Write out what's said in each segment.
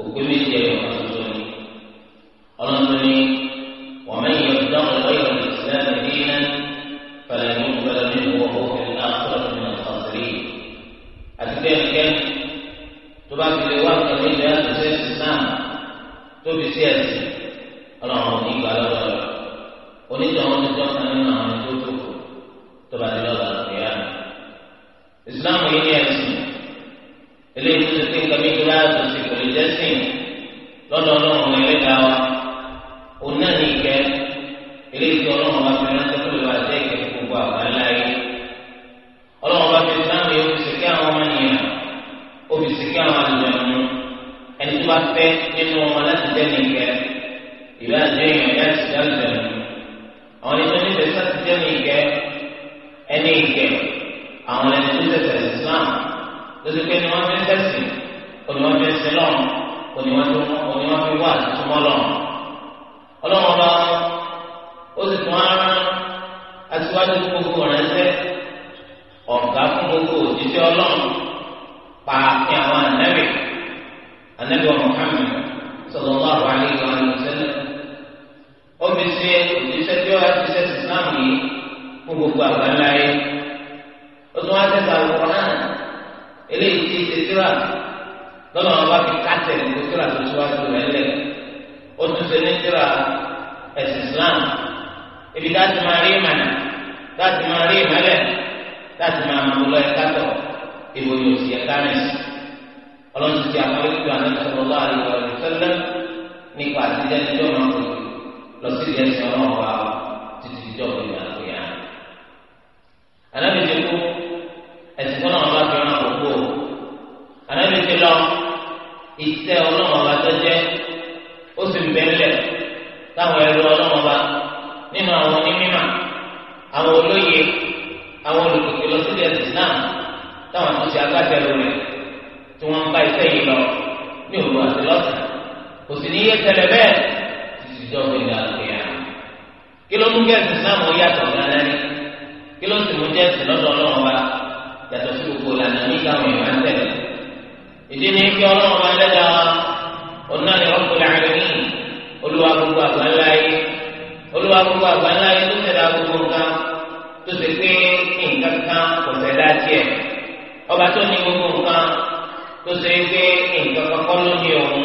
òpè méjì láti máa rí ìmọ́lẹ̀ láti máa mú lọ ẹ̀ka tọ̀ èwo yóò sì ẹ̀ka rẹ̀ sí. ọlọ́run ti àwọn ẹgbẹ́ àná ìṣòro àríwá rẹ̀ fẹ́lẹ́ nípa àtijọ́ ẹjọ́ máa ń lọ sí ilé ẹ̀sìn ọlọ́run wa títí ìjọ ìgbà àgbéyà. anábìyẹ kú ẹ̀sìn tọ́lá wọn bá ṣe agbátẹrù rẹ̀ tí wọ́n ń bá iṣẹ́ yìí lọ ní òru àti lọ́sàn-án kò sì ní yé tẹlẹ bẹ́ẹ̀ títí tó fi gbà pé à. kí ló mú gẹ̀ẹ́sì sáàmù yàtọ̀ gánà ni kí ló sì mú gẹ̀ẹ́sì lọ́dọ̀ ọlọ́run wa yàtọ̀ sí gbogbo lànà ní káwọn èèyàn máa ń tẹ̀lé. ìdí ni kí ọlọ́run wa lẹ́dà ọ̀nà ni wọ́n kúlẹ̀ àrẹ ní olúwa gbogbo àgbáńlá yìí olúwa gbogbo àgbáńlá yìí tó tẹ̀lé agbogbo nǹkan tó ti pín nǹkan kan kò tẹ̀lé àti ẹ̀ ọba tó ní gbogbo nǹkan tó ṣe é pé nǹkan kankan ló ní òun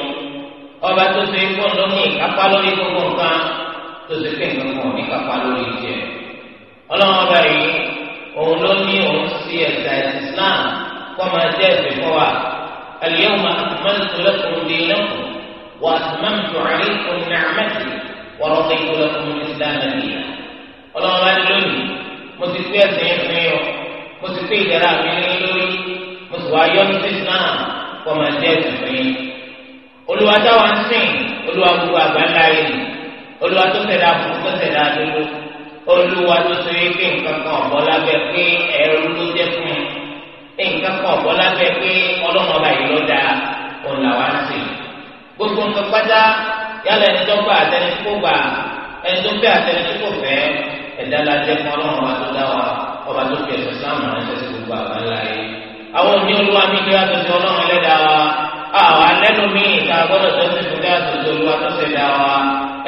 ọba tó ṣe é pọ̀ lóní ìkápá lórí gbogbo nǹkan tó ṣe pé nǹkan kan ní ìkápá lórí ìjẹ ọlọ́run ọba yìí òun ló ní òun sí ẹ̀sà Islam kó máa jẹ́ ẹ̀sìn fún wa al-yawma akmaltu lakum dinakum wa atmamtu alaykum ni'mati wa raditu lakum al-islam dinan ọlọ́run ọba yìí lónìí mo ti fi ẹ̀sìn yẹn fún mo ti pé ìdára mi lórí mo sì wá yọ ní Islam kọ́ máa jẹ́ ìsìnkú yín olúwa táwa ń sìn olúwa gbogbo àgbáńlá yìí olúwa tó tẹ̀dá fún tó tẹ̀dá dúró olúwa tó so yé pé nǹkan kan ọ̀bọ lábẹ́ pé ẹ̀rú ló jẹ́ fún mi nǹkan kan ọ̀bọ lábẹ́ pé ọlọ́mọba yìí ló dáa òun làwa ń sìn gbogbo nǹkan pátá yálà ẹni tó gbà àtẹni gbà ẹni tó fẹ́ àtẹni fẹ́ ẹ̀dá la jẹ́ fún ọlọ́run wa tó dá wa ọba tó fi ẹ̀sìn islam náà ṣe sí gbogbo àgbà ńlá yìí. àwọn òní olúwa mi kí wàá tuntun ọlọ́run ẹlẹ́dàá wa àwọn alẹ́nu mi ìta gbọ́dọ̀ tó ti fún dáa tuntun olúwa tó ṣe dá wa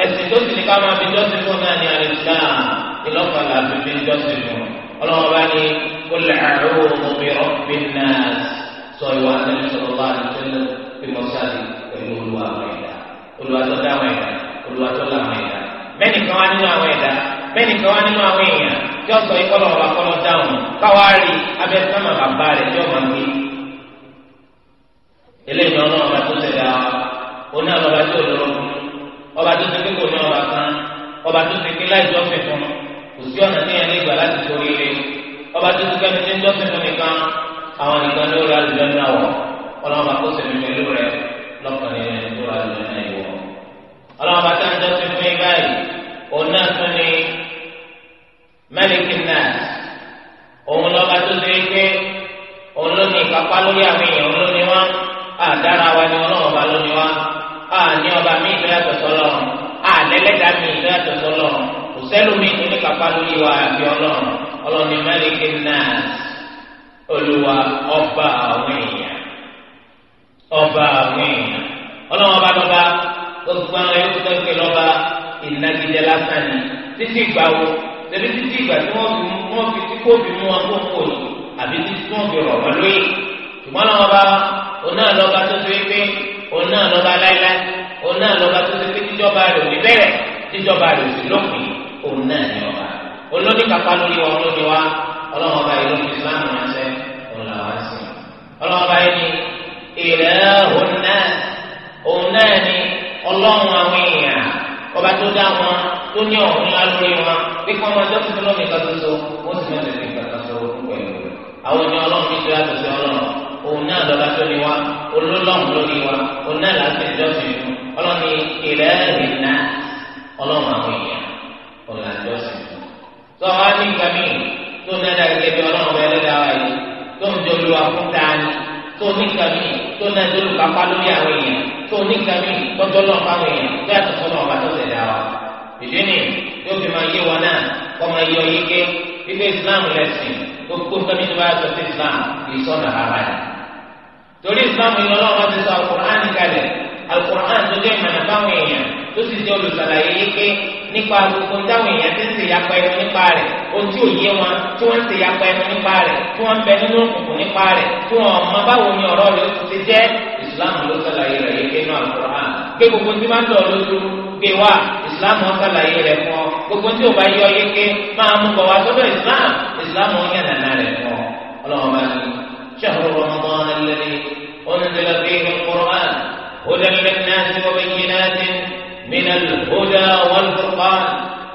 ẹ̀sìn tó sì ní ká máa fi jọ́sìn fún náà ní alẹ́sìlám ìlọ́kàn làbí fi jọ́sìn fún ọlọ́run bá ní olè àrùn omi rọ́bì náà sọ ìwà àtẹnudẹ bá àtẹnudẹ fi yọ sọ yìí kọlọ ọba kọlọ dáhùn káwá rí abẹ sọmọ bàbá rẹ yọ máa gbé eléyìí náà ọba tó ṣẹlẹ̀ àwọn oní àwọn ọba tó lọrọ ọba tó ṣe pé kò ní ọba kan ọba tó ṣe pé láì jọ́sìn fún kò sí ọ̀nà tí yẹn lè gbà láti torí rẹ ọba tó ṣe pé ẹni tí ń jọ́sìn fún nìkan àwọn nìkan ló rà lùdọ́ náà wọ̀ ọlọ́mọba tó ṣe mímí ló rẹ lọ́kàn ní ẹni tó rà lùdọ́ náà wọ̀ ọlọ́mọba tó ń jọ́sìn fún yín báyìí òun náà tún ní mẹ́lìkì náà òun lọ́ba tó ṣe é pé òun ló ní ìkápá lórí àwọn èèyàn òun ló ní wá àdára wa ni ọlọ́run ọba ló ní wá àní ọba mi ìlú yàtọ̀ sọ́lọ́ àlẹ́lẹ́dá mi ìlú yàtọ̀ sọ́lọ́ kò sẹ́lómi tó ní ìkápá lórí wa àbí ọlọ́run ọlọ́ni mẹ́lìkì náà olùwà ọba àwọn èèyàn ọba àwọn èèyàn ọlọ́run ọba lọ́ba gbogbo àwọn ẹ̀yọ́ tó tẹ́ lọ́ba ìnagijẹ lásán ni títí gbà wo. tẹ̀lé títí ìgbà tí wọ́n fi wọ́n fi tí kò fi mú wọn kó kò ní àbí títí wọ́n fi rọ̀ wọ́n lóye ṣùgbọ́n lọ́wọ́ bá òun náà lọ́ba tó ṣe pé òun náà lọ́ba láíláí òun náà lọ́ba tó ṣe pé tíjọba rẹ̀ ò ní tíjọba ò sì lópin òun náà ní ọba wa ọlọ́wọ́n òun là wá sí ọlọ́wọ́n ìrẹ́ òun tó ní ọ̀hún lálórí wọn bí kí wọ́n máa jọ́sìn tó lọ́mìí kan tó wọ́n sì máa tẹ̀lé ìgbà kan tó wọ́n pẹ̀lú. àwọn ènìyàn ọlọ́run fi tó yàtọ̀ sí ọlọ́run òun náà lọ́ba tó ní wa olólọ́run lórí wa òun náà láti jọ́sìn fún ọlọ́ni ìrẹ́ ìrìnà ọlọ́run àwọn èèyàn òun là jọ́sìn fún. tó wá ní kàmí tó náà gẹ́gẹ́ bí ọlọ́run bẹ́ẹ̀ lọ́dà wa yìí tó ń jọ lu àkúta ni tó ní kàmí tó náà jọ lu kápá lórí àwọn èèyàn tó ní kàmí tọ́jọ́ lọ́ọ̀ fáwọn ìdí ni yóò fi máa yé wọn náà kó máa yọ yíké ilé islam lẹ́sìn tó kó nǹkan tó bá yàtọ̀ sí islam kì í sọ̀nà rárá yìí. torí islam yìí lọ́wọ́ wọn ti sọ alukur'an kalẹ̀ alukur'an tó jẹ́ ìmọ̀nà fáwọn èèyàn tó sì jẹ́ olùsàlàyé yíké nípa gbogbo táwọn èèyàn ti ń ṣe yapa ẹnu nípa rẹ̀ ojú òye wọn tí wọ́n ń ṣe yapa ẹnu nípa rẹ̀ tí wọ́n ń bẹ nínú òkùnkùn nípa rẹ̀ tí wọ́n ọmọ báwo ni ọ̀rọ̀ rẹ̀ ti jẹ́ pé gbogbo tí máa ń dọ̀ lójú gbé wá ìsìláàmù ọ̀sàlàyé rẹ̀ fún ọ gbogbo tí ò bá yọ yéké máa mú bọ̀ wá sọ́dọ̀ ìsìláàmù ìsìláàmù ọ̀yàn nàná rẹ̀ fún ọ ní شهر رمضان الذي أنزل فيه القرآن هدى للناس وبينات من الهدى والفرقان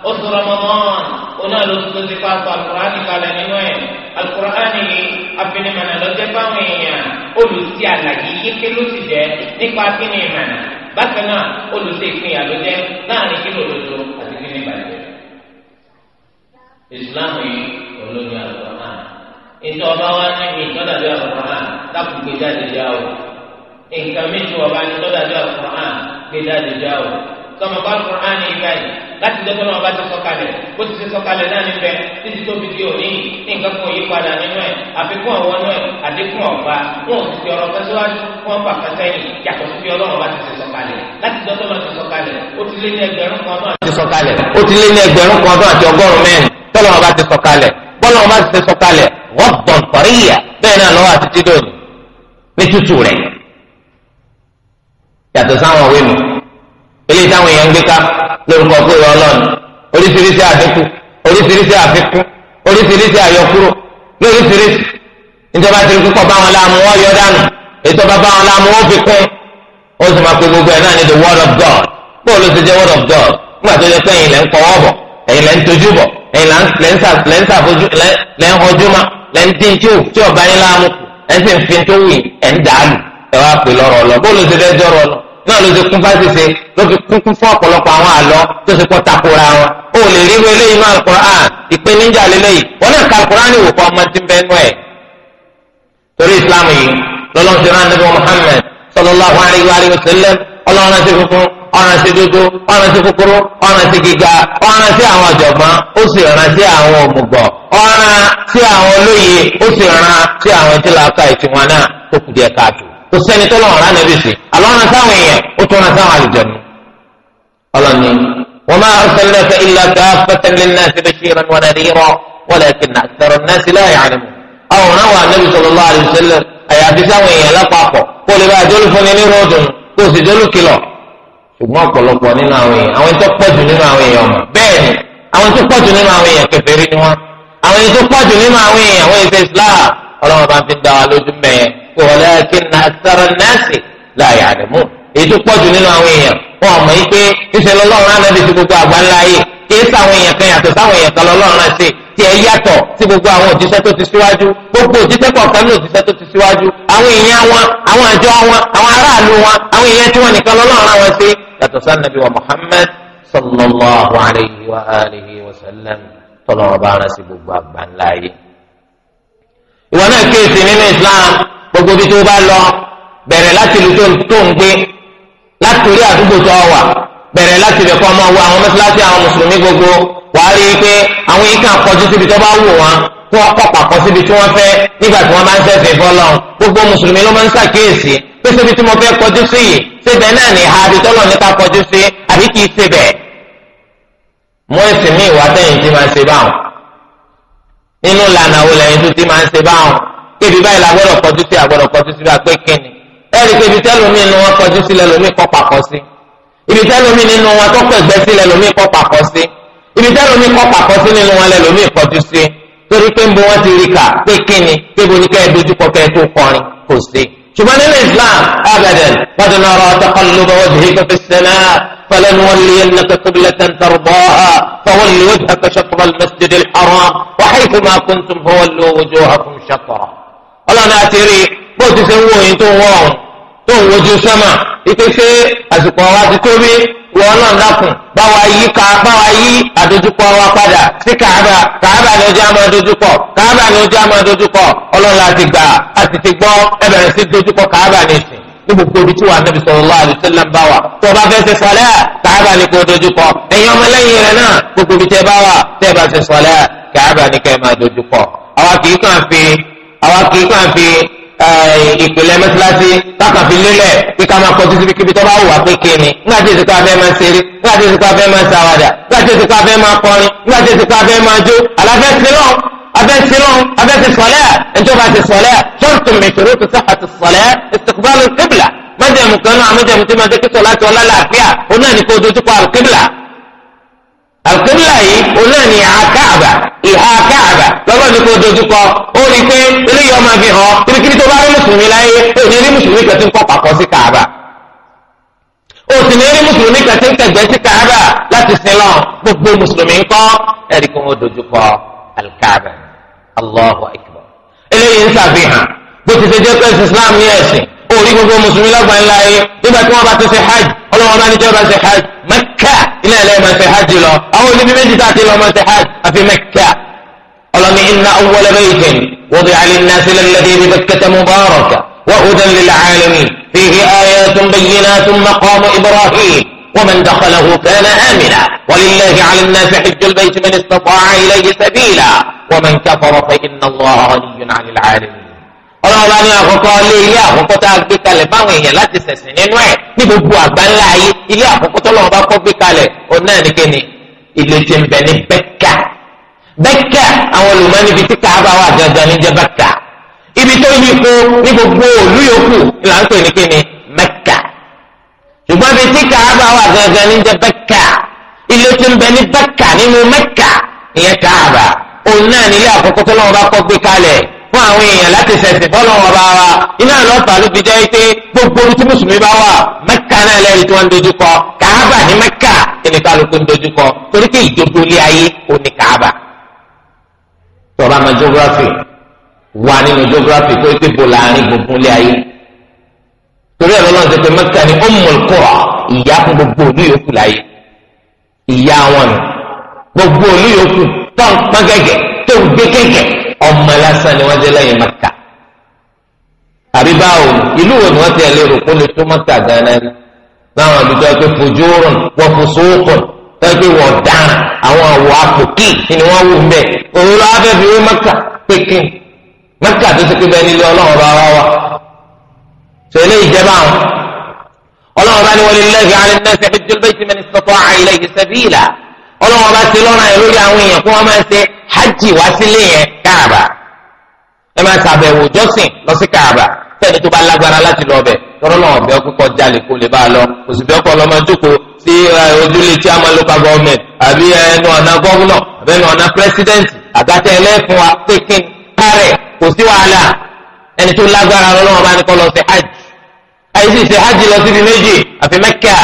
oṣù ramadan ti fa sọ alukurani kalẹ̀ nínú ẹ èèyàn olùsí àlàyé yéké ló ti jẹ nípa kíni ìmọ̀nà bákan náà olùsè ìpínyà ló jẹ́ láàrin kí lòdòdó àti kí ní ìbàjẹ́ ìsìláàmù yìí olóyè àlùkò náà ìtọ́ ọba wa ní mi tọ́dàbí àlùkò náà lápò gbé jáde já o nǹkan mi tí ọba ní tọ́dàbí àlùkò gbé jáde já o kama bá Qur'an ní ìgbà yìí láti dọ́tọ́ náà bá ti sọ̀kalẹ̀ bó ti ṣe sọ̀kalẹ̀ náà níbẹ̀ títí tó fi di òní ní nǹkan kan yí padà nínú ẹ̀ àfikún àwọn náà àdínkù ọ̀gbà wọn ò sì fi ọ̀rọ̀ fẹsíwájú wọn bà fẹsẹ̀yìn yàtọ̀ sí bí ọlọ́run bá ti ṣe sọ̀kalẹ̀ láti dọ́tọ́ náà ti sọ̀kalẹ̀ ó ti lé ní ẹgbẹ̀rún kan náà ti sọ̀kalẹ̀ ó ti lé ní ẹgbẹ̀rún kan náà ti ọgọ́rùn mẹ́rin tọ́lọ́run bá ti sọ̀kalẹ̀ bọ́lọ́run bá ti ṣe sọ̀kalẹ̀ rọ́gbọ̀n kọ́ríyà bẹ́ẹ̀ náà lọ́wọ́ àti tídòdò ní tútù rẹ̀ yàtọ̀ sáwọn òwe mi eléyìí táwọn èèyàn ń gbé ká lórúkọ pé ìwọ ọlọ́run oríṣiríṣi àdínkù oríṣiríṣi àfikún oríṣiríṣi àyọkúrò lóríṣiríṣi níjọba ti rí púpọ̀ báwọn láàmú wọn yọ dànù ètò bàbá wọn láàmú wọn fi kún ó sì máa pe gbogbo ẹ̀ náà ní the word of God bóò ló ti jẹ́ word of God nígbà tó yẹ pé ẹ̀yin lẹ́ ń kọ́ ọ̀bọ̀ ẹ̀yin lẹ́ ń tojú bọ̀ ẹ̀yin lẹ́ ń sàfojú lẹ́ ń hojú ma lẹ́ ń dín tí ò bá yín láàmú ẹ̀ ń sì ń fi tó wù ẹ̀ ń dàálù ẹ̀ wá pè lọ́rọ̀ lọ bóò ló ti fẹ́ jọ́rọ̀ lọ náà ló ti kún fásitì ló fi kún kún fún ọ̀pọ̀lọpọ̀ àwọn àlọ́ tó ti pọ̀ takora wọn ó lè rí wọ eléyìí náà Al-Qur'an ìpèníjà lélẹ́yìí wọn náà ka Al-Qur'an ní ìwòkọ́ ọmọ tí ń bẹ́ẹ̀ nú ẹ̀. torí Islam yìí lọ́lọ́run ti rán nígbà Muhammad sallallahu alayhi wa sallam ọlọ́run ti funfun ọ̀ràn sí dúdú ọ̀ràn sí kúkúrú ọ̀ràn sí gíga ọ̀ràn sí àwọn ọ̀jọ̀gbọ́n ó sì ràn sí àwọn òmùgọ̀ ọ̀ràn sí àwọn olóye ó sì ràn sí àwọn tí làákà ìtìwọ̀n náà tó kù díẹ̀ káàtó kò sẹ́ni tó lọ́wọ́ ránà bí sí alọ́nà sáwọn èèyàn ó tún ránà sáwọn àlùjànnú. ọlọ́ni wa ma arsalnaka illa kaffatan linnasi bashiran wa nadhira walakinna akthara an-nasi la ya'lamun. àwòrán wa Nabi sallallahu alaihi wasallam àyàfi sáwọn èèyàn lápapọ̀ kó lè bá àjọlù fún ni ní ròdùn kó o sì jọlù kìlọ̀. ṣùgbọ́n ọ̀pọ̀lọpọ̀ nínú àwọn èèyàn àwọn tó pọ̀jù nínú àwọn èèyàn walakin akthara an-nasi la ya'lamun èyí tó pọ̀jù nínú àwọn èèyàn wọn ò mọ̀ yìí pé níṣẹ́ lọ́lọ́run náà lẹ́bi sí gbogbo àgbáńlá yìí kì í sàwọn èèyàn kan yàtọ̀ sáwọn èèyàn kan lọ́lọ́run náà ṣe tí ẹ yàtọ̀ sí gbogbo àwọn òjíṣẹ́ tó ti síwájú gbogbo òjíṣẹ́ kọ̀ọ̀kan ní òjíṣẹ́ tó ti síwájú àwọn èèyàn wọn àwọn àjọ wọn àwọn aráàlú wọn àwọn èèyàn tí wọn nìkan lọ́lọ́run náà wọn ṣe yàtọ̀ sáà nàbí wa Muhammad sallallahu alayhi wa alihi wa sallam tọ́lọ́run bá rán sí gbogbo àgbáńlá ìwọ náà kéèsì nínú Islam gbogbo bí tó bá lọ bẹ̀rẹ̀ láti ìlú tó ń gbé láti orí àdúgbò tó wà bẹ̀rẹ̀ láti ibẹ̀ kọ́ máa wo àwọn mẹ́sàlásì àwọn mùsùlùmí gbogbo wàá rí i pé àwọn yìí kàn kọjú síbi tó bá wù wọn tí wọ́n kọ́ pàkọ́ síbi tí wọ́n fẹ́ nígbà tí wọ́n máa ń ṣẹ̀sìn fọ́lọ́ gbogbo mùsùlùmí ló máa ń ṣàkíyèsí pé síbi tí mo fẹ́ kọjú sí yìí síbẹ̀ náà ní ìhà àbí tọ́lọ̀ nípa kọjú sí àbí kìí ṣe bẹ̀. mú ẹ̀sìn ní ìwà tẹ̀yìn tí máa ń ṣe báwọn nínú ìlànà wo tó ti máa ń ṣe báwọn kébi báyìí la gbọ́dọ̀ kọjú sí àgbọ́dọ̀ kọjú sí bá pé kíni ẹ̀rí kébi tẹ́lómi nínú wọn kọjú sílẹ̀ lómi kọ́ papọ̀ sí ibi tẹ́lómi nínú wọn tó pẹ̀ gbẹ́ sílẹ̀ lómi kọ́ papọ̀ sí ibi tẹ́lómi kọ́ papọ̀ sí nínú wọn lẹ̀ kọjú sí torí pé ń wọn ti rí kà pé kíni kébo ní kẹ́ẹ̀ dojúkọ kẹ́ẹ̀ tó kọrin kò sí. ṣùgbọ́n nínú Islam abadan bàtà náà rọ taqalluba wajhika fi as-samaa فلنولينك قبلة ترضاها فول وجهك شطر المسجد الحرام وحيثما كنتم فولوا وجوهكم شطره ọlọ́run àti rí bó ti ṣe ń wo yín tó ń wọ̀ ọ́n tó ń wojú sẹ́mà ipe ṣé àsìkò wa ti tó bí wọ́n ọlọ́run dákun báwa yí ká báwa yí àdójúkọ wa padà sí kàába kàába ni ojú àmọ́ àdójúkọ kàába ni ojú àmọ́ àdójúkọ ọlọ́run àti gbà àti ti gbọ́ ẹ bẹ̀rẹ̀ sí dojúkọ kàába ní ìsìn ní gbogbo ibi tí wà Nabi sallallahu alaihi wasallam bá wà tó o bá fẹ́ ṣe sọlẹ́ kàába ni kò dojúkọ ẹ̀yin ọmọlẹ́yìn rẹ̀ náà gbogbo ibi tẹ́ bá wà tẹ́ bá ṣe sọlẹ́ kàába ni kẹ́ máa dojúkọ àwa kì í kàn fi àwa kì í kàn fi ìpìlẹ̀ mẹ́tíláṣí kákan fi lélẹ̀ pé ká máa kọ títí kíbi tó bá wù wá pé kíni nígbà tí èsìkò abẹ́ máa ṣeré nígbà tí èsìkò abẹ́ máa ṣàwàdà nígbà tí èsìkò abẹ́ máa kọrin nígbà tí èsìkò abẹ́ máa jó àlàfẹ́ sílọ̀ abẹ́ sílọ̀ abẹ́ ti sọ̀lẹ́ ẹ̀jọba ti sọ̀lẹ́ ṣọ́ọ̀tù mẹ̀tẹ̀rọ̀ ti sọ̀hà àkébìlà yìí olóyè ní àkàbà ìhà àkàbà lọ́gbọ́n mi kò dojúkọ ó rí i pé eléyìí ọmọ fi hàn kíríkírí tó bá rí mùsùlùmí láyé ó ní rí mùsùlùmí kan tí ń kọ́ pàkọ́ sí kàbà ó ní rí mùsùlùmí kan ń tẹ̀gbẹ́ sí kàbà láti sin lọ gbogbo mùsùlùmí ń kọ́ ẹ̀rí kí wọ́n dojúkọ alikàbà Allahu akbar eléyìí ń ṣàfihàn bó ti ṣe jẹ́ pé Islam ní ẹ̀sìn ó rí gbogbo mùsùlùmí lọ́gbà ńlá nígbà tí wọ́n bá ti ṣe hajj ọlọ́wọ́n bá ní tí wọ́n bá ṣe hajj mẹ́kà iná ẹ̀lẹ́ máa ṣe hajj lọ àwọn olùbí méjì tá a ti lọ máa ṣe hajj àfi mẹ́kà ọlọ́ni iná awọ́lẹ́ bẹ́ẹ̀ jẹ́ wọ́n bí alẹ́ náà sílẹ̀ lẹ́dẹ́ ibi bẹ́kẹ́tẹ́ mubaraka وهدى للعالمين فيه آيات بينات مقام إبراهيم ومن دخله كان آمنا ولله على الناس حج البيت من استطاع إليه سبيلا ومن كفر فإن الله غني عن العالمين ọlọ́run bá ní àkọ́kọ́ ilé ilé àkọ́kọ́ tá a gbé kalẹ̀ báwọn èèyàn láti ṣẹ̀sìn nínú ẹ̀ ní gbogbo àgbáńlá ayé ilé àkọ́kọ́ tọ́lọ́run bá kọ́ gbé kalẹ̀ òun náà ní kíni ilé tí ń bẹ ní bẹ́kà bẹ́kà àwọn olùmọ̀ níbi tí káàbà wà dandan ní jẹ́ bẹ́kà ibi tó yí kó ní gbogbo òlú yòókù là ń pè ní kíni mẹ́kà ṣùgbọ́n ibi tí káàbà wà dandan ní jẹ́ bẹ́kà ilé tí ń fún àwọn èèyàn láti ṣẹ̀sìn fọ́lọ́ wọn bá wa iná lọ́fà ló fi jẹ́ pé gbogbo orí tí mùsùlùmí bá wà mẹ́kà náà lẹ́rìí tí wọ́n ń dojú kọ kàábà ní mẹ́kà ẹni kálukú ń dojú kọ torí pé ìjókòó ilé ayé ò ní kàábà. tọ́ba ma geography wà nínú geography tó ti bò láàrin gbogbo ilé ayé torí ẹ̀rọ náà ti pe mẹ́kà ní ummul qura ìyá fún gbogbo olú yòókù láyé ìyá wọn gbogbo olú yòókù tó ń tó ń ọmọ lásán ni wọ́n jẹ́ lẹ́yìn maka àbí báwo ìlú wo ni wọ́n ti ẹ̀ lérò kó lè tó maka gan-an láwọn àdúgbò ẹgbẹ́ fojúrùn wọ́n fò sóòkùn ẹgbẹ́ wọ́n dáhùn àwọn àwọ̀ àpòkì ni wọ́n wù mbẹ́ òun lọ́wọ́ fẹ́ fi wé maka pékin maka tó ti pé bẹ́ẹ̀ nílé ọlọ́run bá wá wa tẹ̀lé ìjẹba àwọn ọlọ́run bá ní wọlé lẹ́yìn alẹ́ náà ṣe fẹ́ẹ́ bẹ́ẹ̀ mẹ́ni sọ́kọ́ àìlẹ́yìn sẹ́bíìlà ọlọ́run bá ti lọ́ràn ẹ̀ lórí àwọn èèyàn kó wọ́n máa ṣe hajj wá sílé yẹn káàbà ẹ máa ṣàbẹ̀wò jọ́sìn lọ sí káàbà fẹ́ni tó bá lágbára láti lọ bẹ̀ tọ́rọ́ náà ọ̀bẹ ọkọ̀ jalè kó lè bá a lọ kò sì bẹ́ẹ̀ kọ́ lọ́mọ jókòó sí ojúlé tí a máa ló ka gọ́ọ̀mẹ̀t àbí ẹnu ọ̀nà gọ́ọ̀nà àbí ẹnu ọ̀nà pírẹ́sídẹ́ǹtì àgàtà ẹlẹ́fun wa pékin kárẹ̀ kò sí wàhálà ẹni tó lágbára lọ́wọ́ bá ní kọ́ lọ hajj àyè sì hajj lọ síbi méjì àfi Mẹ́kà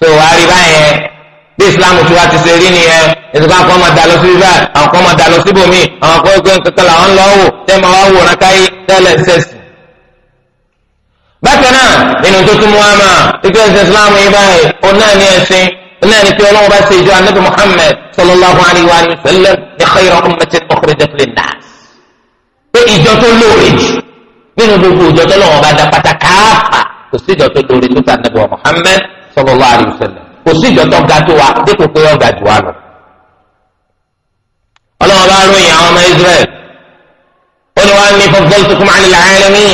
tó bí ìsìláàmù tiwa ti ṣe rí nìyẹn ìsìnkú àwọn kan máa dà lọ sí bíbá àwọn kan máa dà lọ sí bòmí àwọn kan gbé kankan làwọn ń lọ wò tẹ́ máa wá wòran káyé tẹ́lẹ̀ sẹ́sì. bákan náà nínú tó tún mú wa máa ìgbẹ́ ẹ̀sìn ìsìláàmù yìí báyìí òun náà ní ẹ̀sìn òun náà ní pé ọlọ́run bá ṣe ìjọ anábì Muhammad sallallahu alayhi wa sallam ní khayra ummatin ukhrijat linnas pé ìjọ tó lóore jù nínú gbogbo ìjọ tó lọ́wọ́ kò sí ìjọ tó ga tó wa dípò pé ọ̀gá jù wá lọ. ọlọ́wọ́ bá ròyìn àwọn ọmọ Israẹl ó ní wàá ní fọ́fọ́lù tó kún àlìlà ẹ̀rẹ́mí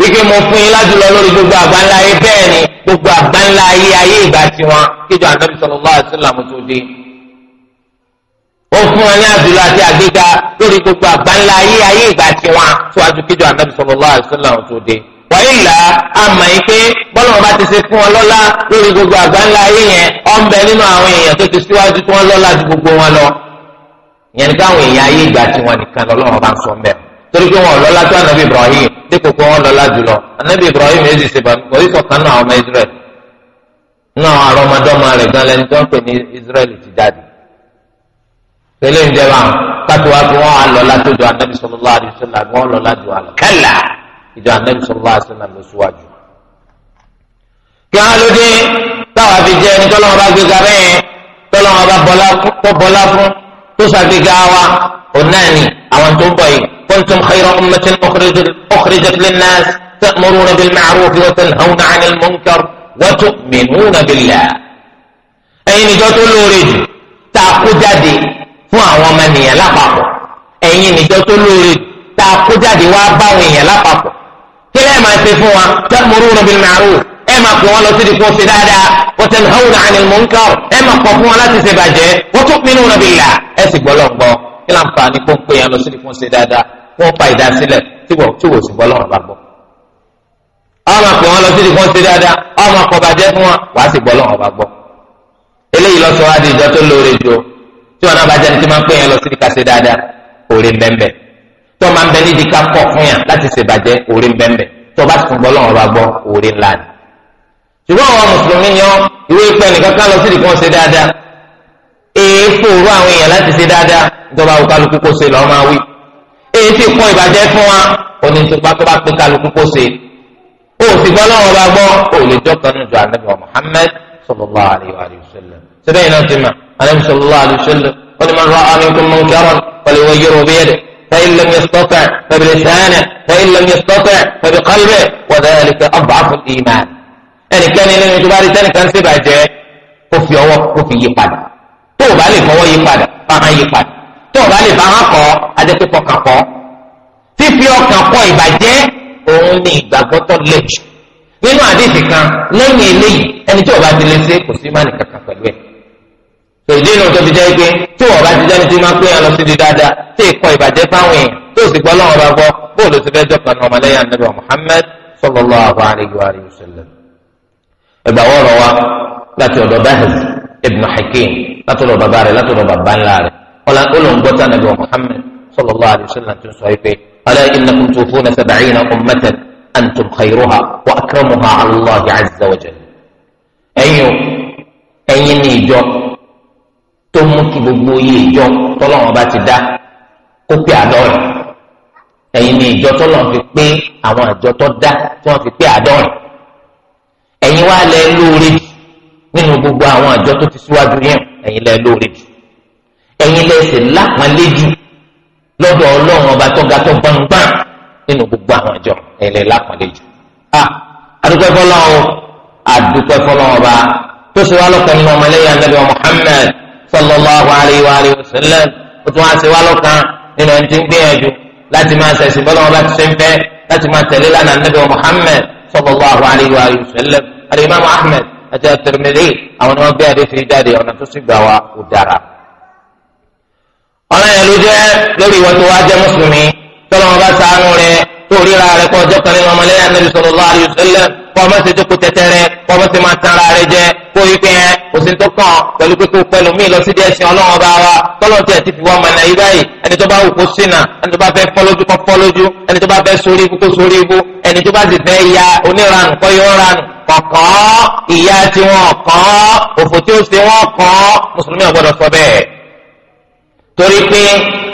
wíkẹ́ mo fún yín lájùlọ lórí gbogbo àgbáńlá ayé bẹ́ẹ̀ ni gbogbo àgbáńlá ayé ayé ìgbà tiwọn kíjọ ànábì sallallahu alaihi wasallam tó dé. ó fún wọn ní àjùlọ àti àgbéga lórí gbogbo àgbáńlá ayé ayé ìgbà tiwọn síwájú kíjọ ànábì sallallahu alaihi wasallam tó dé wàyílà àmà yìí pé bọ́lọ́mọ bá ti ṣe fún wọn lọ́lá lórí gbogbo àgbáńlá ayé yẹn ọ̀nbẹ nínú àwọn èèyàn tó ti síwájú tí wọ́n lọ́lá ju gbogbo wọn lọ. ìyẹn ni káwọn èèyàn ayé ìgbà tí wọn nìkan lọ́lọ́mọ bá ń sọ mbẹ́ torí pé wọn lọ́lá tó ànábì Ibrahim dípò pé wọn lọ́lá jùlọ ànábì Ibrahim èyí ṣe bá orí sọ̀kan náà ọmọ Israẹli náà àrọ́mọdọ́mọ rẹ̀ gan lẹni tó ń pè ní Israẹli ti jáde pẹ̀lú ìjẹba kátó wá fún wọn àlọ́lá tó ju ànábì sallallahu alaihi wasallam àgbọ̀n ju àlọ́ kẹ́là. ìjọ anabi sallallahu alaihi wasallam lọ síwájú. kí wọn ló dé táwọn fi jẹ ẹni tọ́lọ́mọ bá gbéga bẹ́ẹ̀ tọ́lọ́mọ bá bọ́lá fún tó ṣàgbéga wa onáni àwọn tó ń bọ̀ yìí kuntum khayra ummatin ukhrijat linnas ta'muruna bil ma'ruf wa tanhawna 'anil munkar wa tu'minuna billah. ẹ̀yin ìjọ tó lóore jù tá a kó jáde fún àwọn ọmọ ènìyàn lápapọ̀ ẹ̀yin ìjọ tó lóore tá a kó jáde wá báwọn èèyàn lápapọ̀ kílẹ̀ ẹ̀ máa ṣe fún wa ta'muruna bil ma'ruf ẹ máa pè wọn lọ sí ìdìpọ̀ sí dáadáa wa tanhawna 'anil munkar ẹ máa pọ̀ fún wọn láti ṣe bàjẹ́ wa tu'minuna billah ẹ sì gbọ́ lọ́gbọ́ kí láǹfààní kó ń pè yẹn lọ sí ìdìpọ̀ sí dáadáa wọ́n pa ìdásílẹ̀ tí wò sì gbọ́ lọ́rùn bá gbọ́. sí gbọ́ lọ́rùn bá gbọ́ tó máa ń bẹ níbi ká kọ̀ fún yàn láti ṣèbàjẹ́ orí bẹ́ẹ̀ tó bá tún gbọ́ lọ́wọ́ bá gbọ́ orí ńlá ni. ṣùgbọ́n àwọn mùsùlùmí yan ìwé ìpẹ́ nìkan ká lọ sí ìdìkan ṣe dáadáa èèfò òru àwọn èèyàn láti ṣe dáadáa ìjọba àwọn kálukú kó ṣe lọ́ọ́ máa wí. èyí ti kọ́ ìbàjẹ́ fún wa òní tupa tó bá pé kálukú kó ṣe. ó sì gbọ́ lọ́wọ́ bá gbọ́ ó lè jọ́kan nù ju Muhammad sallallahu alayhi wa sallam. sẹ́dẹ̀ iná ti sallallahu alayhi wa sallam wọ́n ti máa ń rọ àwọn ikú mọ́nkẹ́rọ̀ pẹ̀lú ìwé yorùbá فإن لم يستطع فبلسانه وإن لم يستطع فبقلبه وذلك أضعف الإيمان ẹnì kan nínú ìjọbaari sẹ́ni kan ṣe bàjẹ́ kó fi ọwọ́ kó fi yí padà tó o bá lè fọwọ́ yí padà fáhán yí padà tó o bá lè fáhán kọ́ adẹ́pẹ́pọ̀ kàn kọ́ fífi ọkàn kọ́ ìbàjẹ́ òun ni ìgbàgbọ́ tó lè jù nínú àdéhìí kan lẹ́yìn eléyìí ẹni tí o bá ti lè ṣe kò sí mánì kankan pẹ̀lú ẹ̀ tòdí inú tó fi jẹ́ pé tí wọ́n bá ti jẹ́ ní tí máa ń pè é lọ sí di dáadáa tí ì kọ́ ìbàjẹ́ fáwọn èèyàn tó sì gbọ́ lọ́wọ́ bá gbọ́ bóòlù ti fẹ́ jọ̀kan ní ọmọlẹ́yìn anabi Muhammad sallallahu alayhi wa sallam. ẹ̀bà wọ̀rọ̀ wa láti ọ̀dọ̀ Bahz ibn Hakim láti ọ̀dọ̀ bàbá rẹ̀ láti ọ̀dọ̀ bàbá ńlá rẹ̀ olóńgbọ́tà tó mú kí gbogbo iye ìjọ tọ́lọ́wọ́n bá ti dá kó pé àádọ́rin ẹ̀yin ni ìjọ tọ́lọ́wọ́n fi pé àwọn ìjọ tó dá tí wọ́n fi pé àádọ́rin ẹ̀yin wá lẹ lóore jù nínú gbogbo àwọn ìjọ tó ti síwájú yẹn ẹ̀yin lẹ lóore jù ẹ̀yin lẹ sì lápọnlé jù lọ́dọ̀ ọlọ́run ọba tó ga tó gbọ̀ngbọ̀n nínú gbogbo àwọn ìjọ ẹ̀yin lẹ lápọnlé jù adúpẹ́ fọlọ́wọ́ adúpẹ́ fọlọ́wọ́ ọba tó ṣe wá lọ́kàn nínú ọmọlẹ́yìn anábìá Muhammad sallallahu alayhi wa alayhi wa sallam o tún wá sí wa lọ́kàn nínú ẹni tí ń gbìyànjú láti máa ṣẹ̀sìn bọ́lá wọn bá ti ṣe ń fẹ́ láti máa tẹ̀lé lánàá nàbẹ̀ muhammed sallallahu alayhi wa alayhi wa sallam alimami ahmed àti at-Tirmidhi àwọn ni wọ́n gbé adé fi jáde ọ̀nà tó sì gbà wá kó dára. ọ̀nà yẹn ló jẹ́ lórí ìwọ tó wá jẹ́ mùsùlùmí tọ́lọ́ wọn bá sànú rẹ tó ríra rẹ kọ́ ọjọ́ kan nínú ọmọlẹ́yà nàbẹ̀ sallallahu alayhi wa sallam kọ́ ọmọ ti tó kó tẹ́tẹ́rẹ́ kọ́ ọmọ ti máa tán ara rẹ jẹ kó yí pé ẹ́ kò sí tọkàn pẹ̀lú pípé pẹ̀lú mí lọ sí díẹ̀ sí ọlọ́run ọba wa tọ́lọ́ tí ẹ̀ ti fi wọ́n mọ̀ náà yí báyìí ẹni tó bá wù kó ṣìnà ẹni tó bá fẹ́ fọ́lójú kó fọ́lójú ẹni tó bá fẹ́ sórí ibú kó sórí ibú ẹni tó bá sì fẹ́ ya oníranù kó yọ ranù kọ̀ọ̀kan ìyá tí wọ́n kàn òfò tí ó ṣe wọ́n kàn mùsùlùmí ò sọ bẹ́ẹ̀ torí pé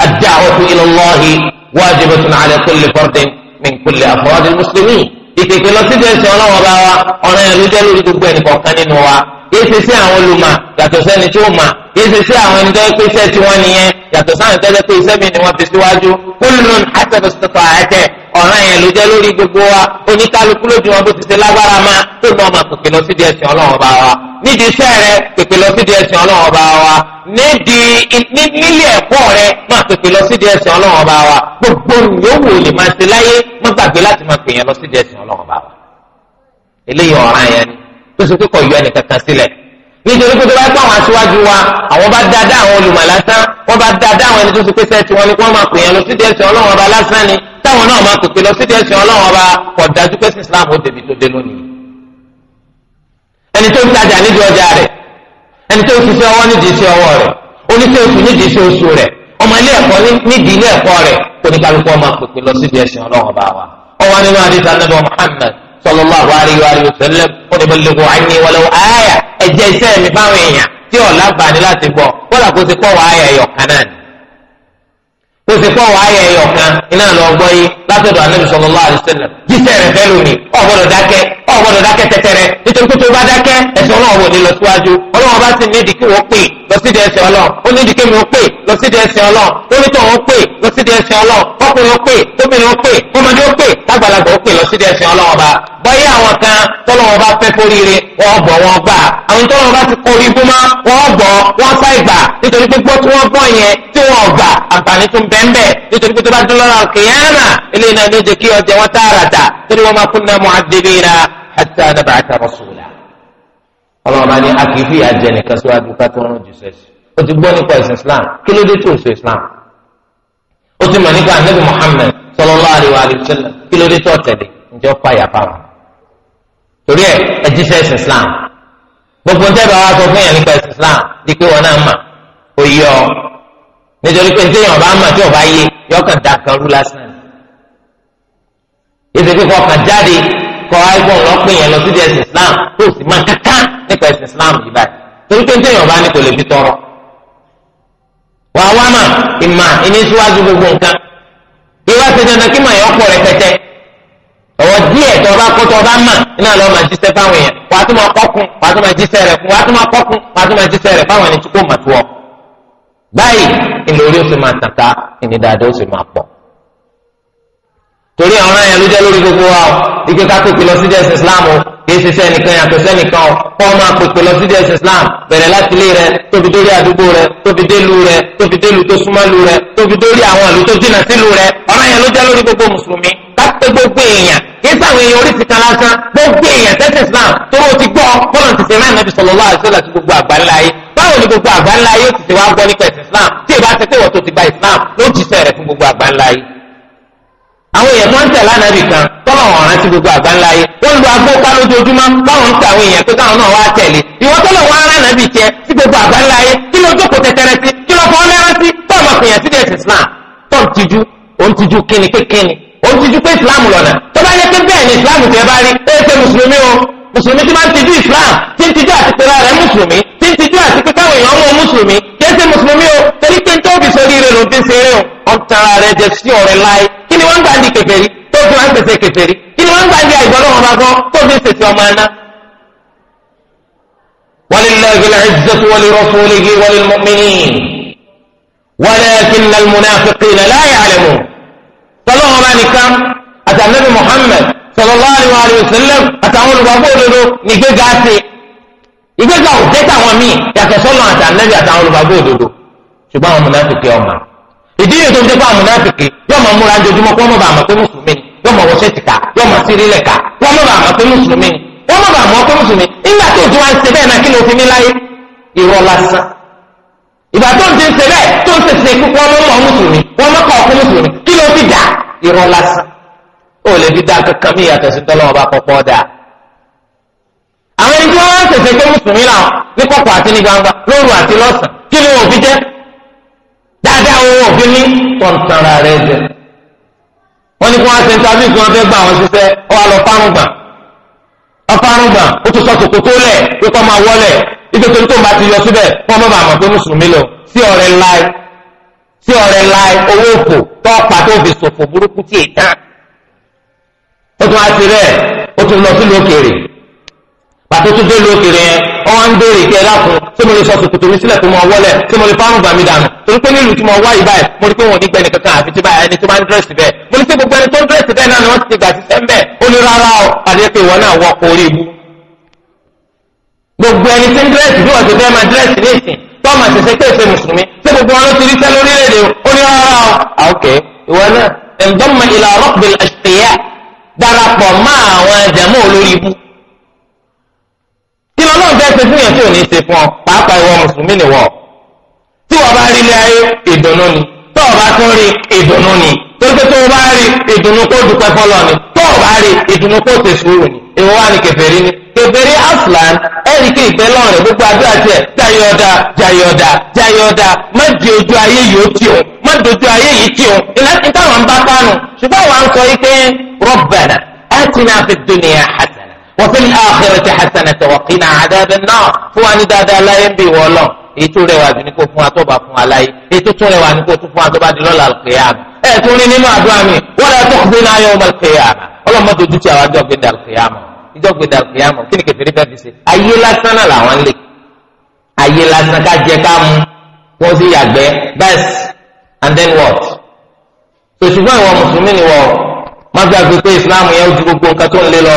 ad-da'watu ila Allahi wajibatun ala kulli fardin min kulli afradi al-muslimin ìpèpè lọ sí ẹ̀sìn ọlọ́wọ́ bá wa ọ̀ràn ẹ̀ ló jẹ́ lórí gbogbo ẹnì kọ̀ọ̀kan nínú wa kìí ṣe sí àwọn olùmọ̀ yàtọ̀ sẹ́ni tí ó mà kìí ṣe sí àwọn ẹni tó pé iṣẹ́ tí wọ́n nìyẹn yàtọ̀ sáwọn tẹ́lẹ̀ pé iṣẹ́ mi ni wọ́n fi síwájú kúlùn àtẹ̀bẹ̀sọ̀tọ̀ àtẹ ọ̀ràn yẹn ló jẹ́ lórí gbogbo wa oníkálukú lójú wọn bó ti ṣe lágbára máa tó ní ọmọ pèpè lọ sídìí ẹ̀sìn ọlọ́run bá wa nídìí iṣẹ́ rẹ pèpè lọ sídìí ẹ̀sìn ọlọ́run bá wa nídìí nílé ẹ̀kọ́ rẹ máa pèpè lọ sídìí ẹ̀sìn ọlọ́run bá wa gbogbo yòówù lè máa ṣe láyé má gbàgbé láti máa pèèyàn lọ sídìí ẹ̀sìn ọlọ́run bá wa eléyìí ọ̀ràn yẹn ni tó ṣe pé kò yọ ẹnìkankan sílẹ̀ nítorí pé tó bá pọ̀ àwọn aṣíwájú wa àwọn bá dáadáa àwọn olùmọ̀ wọ́n bá dáadáa àwọn ẹni tó ṣe pé sẹ́ẹ̀tì wọn ni kí wọ́n máa pè yẹn lọ sídìí ẹ̀sìn ọlọ́run ọba lásán ni táwọn náà máa pèpè lọ sídìí ẹ̀sìn ọlọ́run ọba kò dájú pé sí Islam ó débi tó dé lónìí. ẹni tó ń tajà nídìí ọjà rẹ̀ ẹni tó ń ṣiṣẹ́ ọwọ́ nídìí iṣẹ́ ọwọ́ rẹ̀ oníṣẹ́ oṣù nídìí iṣẹ́ oṣù rẹ̀ ọmọ ilé ẹ̀kọ́ nídìí ilé ẹ̀kọ́ rẹ̀ oníkálukú ọmọ pèpè lọ sídìí ẹ̀sìn Muhammad sallallahu alaihi wa sallam ó ní ballighu anni walau àyà ẹ̀jẹ̀ iṣẹ́ mi fáwọn èèyàn tí ò lábàání láti gbọ́ kódà kó ti pọ̀wọ́ àyà ẹ̀yọ̀ kan náà ni kó ti pọ̀wọ́ àyà ẹ̀yọ̀ kan iná lọ gbọ́ yìí látọ̀dọ̀ anábì sallallahu alaihi wa sallam jíṣẹ́ rẹ̀ fẹ́ lónìí ọ̀gbọ́dọ̀ dákẹ́ ọ̀gbọ́dọ̀ dákẹ́ tẹ̀tẹ̀rẹ̀ nítorí pé tó bá dákẹ́ ẹ̀sẹ̀ ọlọ́run wò ní lọ síwájú ọlọ́run bá sì nídìí kí wọ́n pè lọ sí ẹsẹ̀ ọlọ́run ó nídìí kí mi ó pè lọ sí ẹsẹ̀ ọlọ́run ó ní tọ̀hún pè lọ sí ẹsẹ̀ ọlọ́run ọkùnrin ó pè tóbìnrin ó pè ọmọdé ó pè lágbàlagbà ó pè lọ sí ẹsẹ̀ ọlọ́run ọba bọ́yá àwọn kan tọ́lọ́wọ́n bá fẹ́ kóríire wọ́n gbọ́ wọn gbà àwọn tọ́lọ́wọ́n bá ti kórí gbọ́mọ́ wọ́n gbọ́ wọ́n sá ìgbà nítorí pé tí wọ́n gbọ́ yẹn tí wọ́n gbà àǹfààní tún bẹ́ẹ̀nbẹ́ nítorí pé tó bá dún lọ́la kìyàmà eléyìí náà ló jẹ́ kí ọjà wọn tààràtà torí wọn máa kunna mu'azzibina hatta nab'atha rasula. ọlọ́run máa ní akífi àjẹ nìkan síwájú ká tó o ti gbọ́ nípa ẹ̀sìn islam kí ló dé tó o sọ islam. o ti mọ̀ nípa anabi muhammed sallallahu alaihi wa sallam kí ló dé tó tẹ̀lé kò yẹ ọ nítorí pé nítorí ọba àmà tí ọba yé yọ kàn dà kan rú lásán yìí ṣe pé kọ kàn jáde kọ àìgbọ̀n lọ́pẹ̀ yẹn lọ sí ẹ̀sìn Islam tó sì máa kankan nípa ẹ̀sìn Islam yìí báyìí torí pé nítorí ọba ni kò lè fi tọrọ wàá wá mà ìmà ìní síwájú gbogbo nǹkan ìwà ṣe dandan kí mà yọ pọ̀ rẹpẹtẹ ọwọ́ díẹ̀ tọba kó tọba mà iná lọ máa jíṣẹ́ fáwọn èèyàn wàá tún máa kọkùn wàá tún máa jíṣẹ́ rẹ fún wàá tún máa kọkùn wàá tún máa jíṣẹ́ rẹ fáwọn ẹni tí kò mà tó ọ báyìí ilé orí ó sì máa tàn ká ìní dáadáa ó sì máa pọ̀ torí àwọn ẹ̀yàn ló jẹ́ lórí gbogbo wa ike ká pèpè lọ sí jẹ́sí islam o kì í ṣiṣẹ́ nìkan yàtọ̀ sẹ́nìkan o kọ́ máa pèpè lọ sí jẹ́sí islam bẹ̀rẹ̀ láti ilé rẹ tóbi dórí àdúgbò rẹ tóbi délu rẹ tóbi délu tó súnmọ́lu rẹ tóbi dórí àwọn ìlú tó jìnnà sílu rẹ ọ̀rọ̀ ẹ̀yàn ló jẹ́ lórí gbogbo mùsùlùmí ká gbogbo èèyàn kì í sàwọn èèyàn orí ti kan lásán gbogbo èèyàn tẹ́sí islam tó o ti gbọ́ bọ́lá ti ṣe náà nàbì sallallahu alaihi wasallam gbogbo àgbáńlá báwo ni gbogbo àgbáńlá yóò ti ti wá gbọ́ nípa ẹ̀sìn Islam tí ìbá ti pé wọ́n tó ti gba Islam ló jíṣẹ́ rẹ̀ fún gbogbo àgbáńlá yìí. àwọn èèyàn tó ń tẹ̀ lánàá bì kan tọ́lọ̀ wọn rántí gbogbo àgbáńlá yìí wọ́n lu agbópa lójoojúmọ́ báwọn ń ta àwọn èèyàn pé káwọn náà wá tẹ̀lé ìwọ tọ́lọ̀ wọn ránà bì tiẹ̀ sí gbogbo àgbáńlá yìí kí ló jókòó tẹ̀tẹ̀rẹ̀ sí kí ló fọ́n lẹ́rán sí tọ́ọ̀mù àpèyàn sí ẹ̀sìn Islam tọ́ọ̀mù tijú òun Islam lọ́nà tó bá yẹ pé bẹ́ẹ̀ ni Islam tẹ́ bá rí ẹ ṣe mùsùlùmí o mùsùlùmí ti máa ń tijú Islam ti ń tijú àti pẹ̀lú rẹ̀ tìjú àti pé káwọn èèyàn mọ mùsùlùmí kí ẹ ṣe mùsùlùmí o torí pé tó fi sórí rẹ ló ń fi ṣe é o ọ̀tara rẹ jẹ sí ọ̀rẹ́ láyé kí ni wọ́n ń gbà ní kèfèrí tó fi wọ́n ń pèsè kèfèrí kí ni wọ́n ń gbà ní àìgbọ́dọ̀ bá gan tó fi ń pèsè ọmọ aná. ولله العزة ولرسوله وللمؤمنين ولكن المنافقين لا يعلمون صلى الله عليه وسلم أتى النبي محمد الله عليه وسلم أتى أول بابو ìgbéga ò dé táwọn míì yàtọ̀ sọ́lọ́ àti ànẹ́bí àtàwọn olùgbàgbọ́ òdodo ṣùgbọ́n àwọn múnáfìkì ọmọ ìdí yìí tó ń dépa múnáfìkì yóò máa múra ojoojúmọ́ kó mọ̀ bá àmọ́ pé mùsùlùmí ni yóò máa wọṣẹ́ tìka yóò máa sírí lẹ̀ka wọ́n mọ̀ bá àmọ́ pé mùsùlùmí ni wọ́n mọ̀ bá àmọ́ pé mùsùlùmí nígbà tó ti wá ń ṣe bẹ́ẹ̀ náà kí ló fi mí láyé irọ́ lásán ìgbà tó ń ti ń ṣe bẹ́ẹ̀ tó ń ṣe ṣe púpọ̀ wọ́n mọ̀ mùsùlùmí wọ́n mọ̀ kọ́ ọkùn mùsùlùmí kí ló dá kankan mí yàtọ̀ sí tọ́lọ́wọ́ bá kọ́kọ́ dáa ṣe pé mùsùlùmí làwọn ní kọ̀kọ̀ àti ní gbangba lóru àti lọ́sàn kí ni òfin jẹ́ dáadáa owó òfin ní kọ̀ǹtara rẹ̀ jẹ́ wọ́n ní kí wọ́n á ṣe ntàbí kí wọ́n fẹ́ gba àwọn ṣiṣẹ́ ọ wà lọ fárùn gbà ọ fárùn gbà ó tún sọ tòkó tó lẹ̀ pípọ́ máa wọlé ibi tó ń tó ń bá ti yọ síbẹ̀ wọ́n mọ̀ bàmọ̀ pé mùsùlùmí lọ sí ọ̀rẹ́ láì sí ọ̀rẹ́ láì owó òfò tó ọ̀pá tó fi ṣòfò burúkú tí èyí tán ó tún á ti rẹ̀ ó tún lọ sílùú òkèèrè pàtó tó dé lókèrè yẹn ọwọ́n ń béèrè ìkẹ́ lákun tí mo lè sọ tòkòtò mi sílẹ̀ tó mọ wọlé tí mo lè fáwọn gbà mí dànù torí pé nílùú tí mo wá yìí báyìí mo rí pé wọn ò ní gbẹni kankan àfi tí báyìí ẹni tó bá ń dírẹ́sì bẹ́ẹ̀ mo ní pé gbogbo ẹni tó ń dírẹ́sì bẹ́ẹ̀ náà ni wọ́n ti ti gà sí sẹ́ńbẹ́ ó ní rárá o àdé pé ìwọ náà wọ ọkọ̀ orí ibu. gbogbo ẹni tí ń dírẹ́sì bí wọ́n ti fẹ́ máa dírẹ́sì ní ìsìn tọ́mà ṣẹ̀ṣẹ̀ pé ṣe mùsùlùmí ṣé gbogbo wọn ló ti rí sẹ́ lórílẹ̀‐èdè ó ní rárá o. Ah, ok tọ́lọ́n fẹ́ ṣe fún yẹn tí ò ní ṣe fún ọ pàápàá ìwọ mùsùlùmí ni wọ. tí wọ́n bá rí ilé ayé ìdùnnú ni tó o bá tún rí ìdùnnú ni torí pé tó o bá rí ìdùnnú kó dúpẹ́ fọlọ́ ni tó o bá rí ìdùnnú kó ṣe sùúrù ni èwo wà ní kèfèrí ni kèfèrí aslan ẹ̀rí kí ìfẹ́ lọ́rùn rẹ̀ gbogbo adó àti ẹ̀ jayọ̀dà jayọ̀dà má di ojú ayé yìí tì ó má dojú ayé yìí tì ó ìlànà wọ́n fi ní akhirati hasanatan wa qina adhaban nar fún wa ní dáadáa láyé ń bì wọ́n lọ èyí tó rẹwà jù ní kó fún wa tó bá fún wa láyé èyí tó tún rẹwà ní kó tún fún wa tó bá di lọ́la al-qiyama ẹ̀ tún rí nínú àdúrà mi wala tukhzina yawm al-qiyama ọlọ́mọdé ojú tí àwọn àjọgbé dà al-qiyama ìjọgbé dà al-qiyama kí ni kẹfìrí bẹ́ẹ̀ fi ṣe ayé lásán náà làwọn lè ayé lásán ká jẹ ká mu wọ́n sì yàgbẹ́ bẹ́ẹ̀s and then what tòṣùgbọ́n ìwọ mùsùlùmí ni wọ́n má gbàgbé pé ìsìláàmù yẹn ó ju gbogbo nǹkan tó ń lé lọ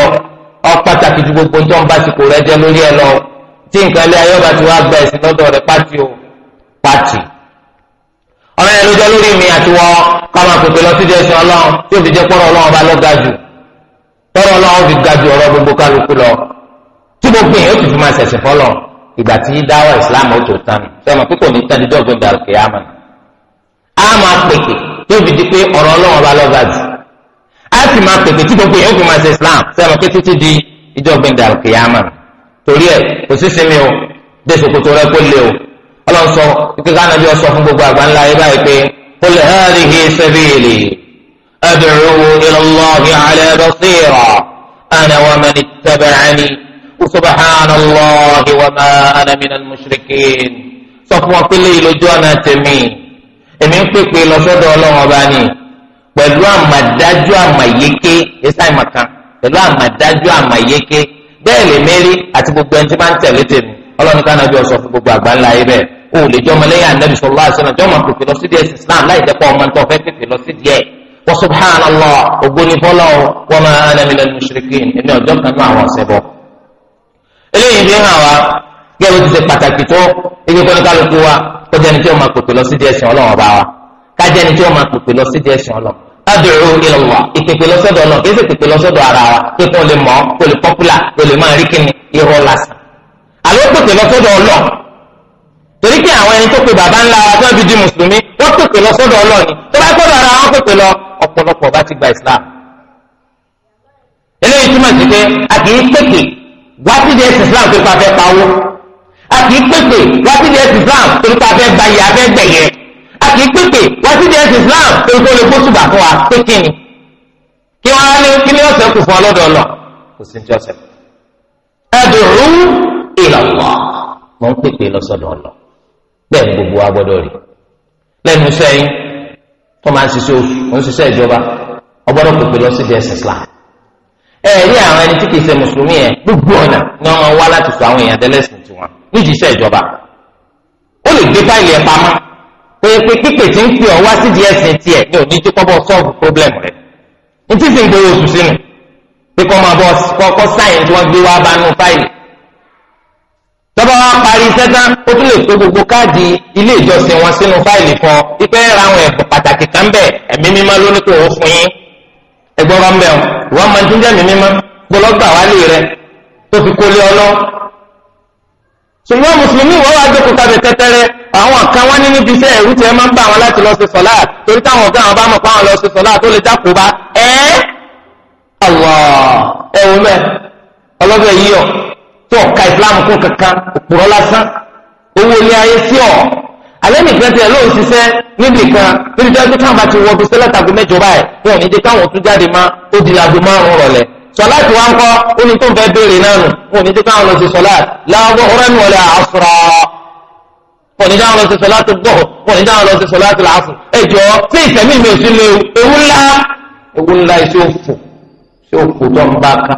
ọ pàtàkì ju gbogbo tó ń bá ti kò rẹ jẹ lórí ẹ lọ tí nǹkan ilé ayé ọba ti wá gba ẹsìn lọ́dọ̀ rẹ pàtì o pàtì. ọ̀rọ̀ yẹn ló jẹ́ lórí mi àti wọ́n ká máa pèpè lọ sídìí ẹ̀sìn ọlọ́run tí òbí jẹ́ pọ́rọ̀ ọlọ́run ọba ló ga jù pọ́rọ̀ ọlọ́run fi ga jù ọ̀rọ̀ gbogbo kálukú lọ tí gbogbo yẹn ó ti fi máa ṣẹ̀sìn fọ́lọ̀ ìgbà tí dáwọ́ ìsìláàmù ó tó tán sẹ́mi pípọ̀ ní tẹ́lifíjọ́ gbẹ̀dàlùkì á máa pèpè tí òbí á sì máa pèpè tí gbogbo yẹn ó fi máa ṣe islam sẹ́nu pé títí di ìjọ gbẹ̀ndà kìyàmà torí ẹ̀ kò sí sinmi o dé ṣòkòtò rẹ kó lé o ọlọ́run sọ kíkẹ́ ká nàbí ọsọ fún gbogbo àgbà ńlá yẹn báyìí pé qul hadhihi sabili ad'u ila Allahi ala basira ana wa man ittaba'ani subhanallahi wa ma wọn pé lè lójú ọ̀nà tèmi èmi ń pèpè pẹ̀lú àmàdájú àmàyéké ẹ̀sà ìmàkan pẹ̀lú àmàdájú àmàyéké bẹ́ẹ̀ lè mẹ́rí àti gbogbo ẹni tí máa ń tẹ̀lé tèmi ọlọ́run ká nàbí ọ̀sọ̀ fún gbogbo àgbà ńlá yìí bẹ́ẹ̀ o lè jọ́ ọmọlẹ́yìn ànábì sọ̀rọ̀ láti ṣẹlẹ̀ jọ́mọ̀ pèpè lọ sí díẹ̀ islam láì jẹ́ ọmọ tó fẹ́ pèpè lọ sí díẹ̀ wa subhanallah ògbóni fọlọ́ wa ana minal mushrikin èmi ọjọ́ kan náà àwọn ọ̀sẹ̀ bọ̀. eléyìí fi hàn wá gẹ́gẹ́ bó ti ṣe pàtàkì tó ibi kọ́ni kálukú wa kọjá ni tí ó máa pèpè lọ adùrù ìlọ̀wà ìpèpè lọ́sọ̀dọ̀ náà kí ẹ sì pèpè lọ́sọ̀dọ̀ ara wa pé kò lè mọ̀ kò lè pọ́pùlà kò lè máa rí kíni irọ́ lásán. àlọ́ pèpè lọ́sọ̀dọ̀ ọlọ́ torí pé àwọn ẹni tó pe bàbá ńlá wa tó ń fi di mùsùlùmí wọ́n pèpè lọ́sọ̀dọ̀ ọlọ́ ni tó bá gbọ́dọ̀ ara wọn pèpè lọ ọ̀pọ̀lọpọ̀ bá ti gba Islam. eléyìí túmọ̀ sí pé a kì í pèpè wá sí di ẹsẹ̀ Islam tó pa fẹ́ pawó a kì í pèpè wá sí di ẹsẹ̀ Islam tó pa fẹ́ gbayì abẹ́gbẹ̀yẹ a kì í pèpè wá sí di ẹ̀sìn Islam torí kó lè kó ṣùgbà fún wa pé kí ni kí wọ́n á ní kí ni ọ̀sẹ̀ kù fún ọlọ́dọ̀ ọlọ́ kò sí ní ọ̀sẹ̀. ẹ̀dùrú ìlọ̀wọ̀ mọ̀ ń pèpè lọ́sọ̀dọ̀ ọlọ́ bẹ́ẹ̀ ni gbogbo wa gbọ́dọ̀ rí lẹ́nu iṣẹ́ yín tó máa ń ṣiṣẹ́ oṣù ó ń ṣiṣẹ́ ìjọba ọgbọ́dọ̀ pèpè lọ sí di ẹ̀sìn Islam ẹ̀rí àwọn ẹni tí kìí ṣe mùsùlùmí yẹn gbogbo ọ̀nà ni wọ́n wá láti sọ àwọn èèyàn tẹ́lẹ̀sìn tiwọn nídìí iṣẹ́ ìjọba ó lè gbé fáìlì ẹ̀ pamọ́ tó yẹ pé pípè tí ń pè ọ́ wá sídìí ẹ̀sìn tiẹ̀ ní òní tí kọ́bọ̀ sọ́ọ̀bù problem rẹ̀ ní tí sì ń gbé oṣù sínú pé kọ́ máa bọ́ kọ́kọ́ sáyẹn tí wọ́n gbé wá bá nú fáìlì tọ́ba wa parí iṣẹ́ tán ó tún lè kó gbogbo káàdì ilé ìjọsìn wọn sínú fáìlì kan ipe ra àwọn ẹ̀bùn pàtàkì kan bẹ́ẹ̀ ẹ̀mí mímọ́ ló ní kó o fún yín ẹ̀gbọ́n bá ń bẹ̀ ọ́ wọ́n máa ń tún jẹ́ ẹ̀mí mímọ́ gbọ́lọ́gbà wálé rẹ tó fi kólé ọlọ́ ṣùgbọ́n mùsùlùmí wọ́n wá jókòó tàbí tẹ́tẹ́rẹ́ àwọn kan wọn ní níbi iṣẹ́ ẹ̀rú tiẹ̀ máa ń bá wọn láti lọ sí sọlá torí táwọn ọgá àwọn bá mọ̀ pé àwọn lọ sí sọlá tó lè dákò bá ẹ ọwọ ẹwọ mẹ ọlọbẹ yìí ọ tó ọka ìsìlámù kún kankan òpùrọ́ lásán owó ilé ayé sí ọ alẹ́ nìkan tiẹ̀ lóun ṣiṣẹ́ níbi kan níbi tí wọ́n bá ti wọ ibi sílẹ̀ mẹ́jọ báyìí sọláàtì wa ń kọ́ ó ní tó ń fẹ́ béèrè náà nù wọn ò ní jẹ́ káwọn lọ sí sọláàtì láwọn ọ̀rẹ́ mi àásùrọ̀ wọn ní dáhùn lọ sí sọláàtì gbọ́ wọn ní dáhùn lọ sí sọláàtì làásù ẹjọ́ sí ìtẹ̀mí mi ò sí lé ewu ńlá ewu ńlá iṣẹ́ òfò iṣẹ́ òfò tó ń bá ká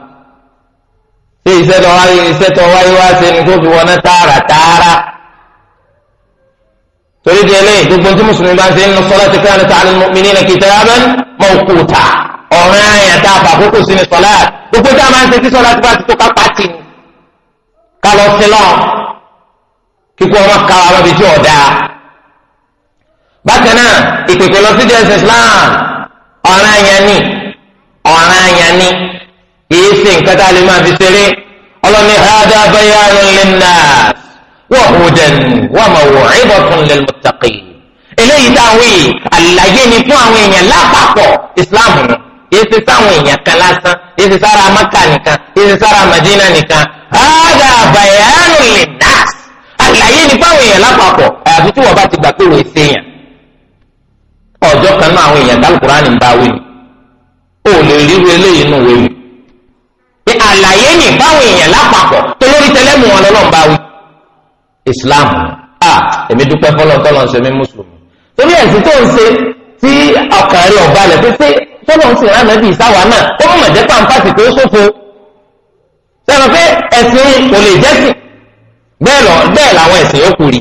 ṣé iṣẹ́ tó wáyé iṣẹ́ tó wáyé wá ṣe ni tó fi wọná tààrà tààrà torí di eléyìí gbogbo tí mùsùlùmí bá ń ṣe ń ṣe sọláàtì bá ti tó ká pàtì ká lọ sí kíkú ọmọ ká wa lọ́bi tí ọ̀dà. bákan náà ìpèpè lọ sí jẹ́sẹ̀ Islam ọ̀ràn àyàn ni ọ̀ràn àyàn ni kìí ṣe nǹkan tá a lè máa fi ṣeré ọlọ́ni hada bayanun linnas wa hudan wa maw'idatun lilmuttaqin. eléyìí táwọn yìí àlàyé ni fún àwọn èèyàn lápapọ̀ Islam nù kìí ṣe sáwọn èèyàn kan lásán kìí ṣe sára Maka nìkan kìí ṣe sára Madina nìkan hada bayanun linnas àyè ní fáwọn èèyàn lápapọ̀ àyàfi tí wọ́n bá ti gbà pé wọ́n ṣe èèyàn ọjọ́ kan náà àwọn èèyàn dálùkùránì ń bá wí ni ó lè ríru eléyìí nù wí ni pé àlàyé ní fáwọn èèyàn lápapọ̀ tó lórí tẹlẹ́mù wọn lọ́lọ́run bá wí Islam a èmi dúpẹ́ fọlọ́ntọ́lọ́ ṣe mí mùsùlùmí torí ẹ̀sìn tó ń ṣe tí ọkàn rẹ̀ ọ̀bá rẹ̀ pé pé tọ́lọ́run sì rán nàbí ìsáwà náà ó bẹ́ẹ̀ làwọn ẹ̀sìn yòókù rí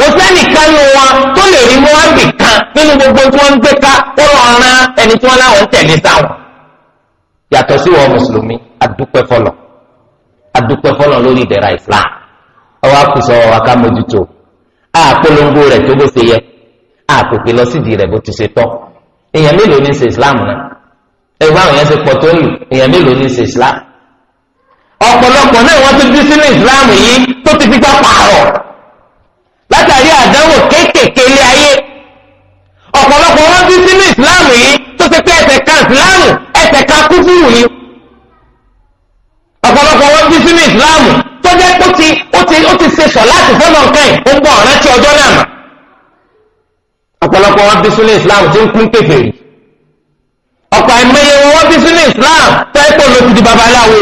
kò sẹ́nìkan nínú wọn tó lè rí wọn bì kan nínú gbogbo tí wọ́n ń gbé ká ó lọ ran ẹni tí wọ́n láwọn ń tẹ̀lé sáwọn yàtọ̀ sí wọn mùsùlùmí adúpẹ́ fọlọ̀ adúpẹ́ fọlọ̀ lórí ìdẹ̀ra Islam ọwọ́ àkùsọ ọ̀wáká mójútó àpolongo rẹ̀ tó bó ṣe yẹ àpòpè lọ sídìí rẹ̀ bó ti ṣe tọ́ èèyàn mélòó ní ṣe Islam náà ẹgbẹ́ àwọn èèyàn ọ̀pọ̀lọpọ̀ náà wọ́n ti dín sínú Islam yìí tó ti fipá pààrọ̀ látàrí àdánwò kéékèèké ilé ayé ọ̀pọ̀lọpọ̀ wọ́n dín sínú Islam yìí tó ti pé ẹsẹ̀ kan Islam ẹsẹ̀ kan kúfúrú ni ọ̀pọ̀lọpọ̀ wọ́n dín sínú Islam tó jẹ́ pé ó ti ó ti ó ti ṣe sọ láti fọ́nà nǹkan ẹ̀ ó gbọ́ ọ̀rẹ́ tí ọjọ́ náà mà ọ̀pọ̀lọpọ̀ wọ́n dín sínú Islam tí ń kún kékeré ọ̀pọ̀ àìmọye wọn dín sínú Islam tó ẹ̀ pọ̀ ló ti di babaláwo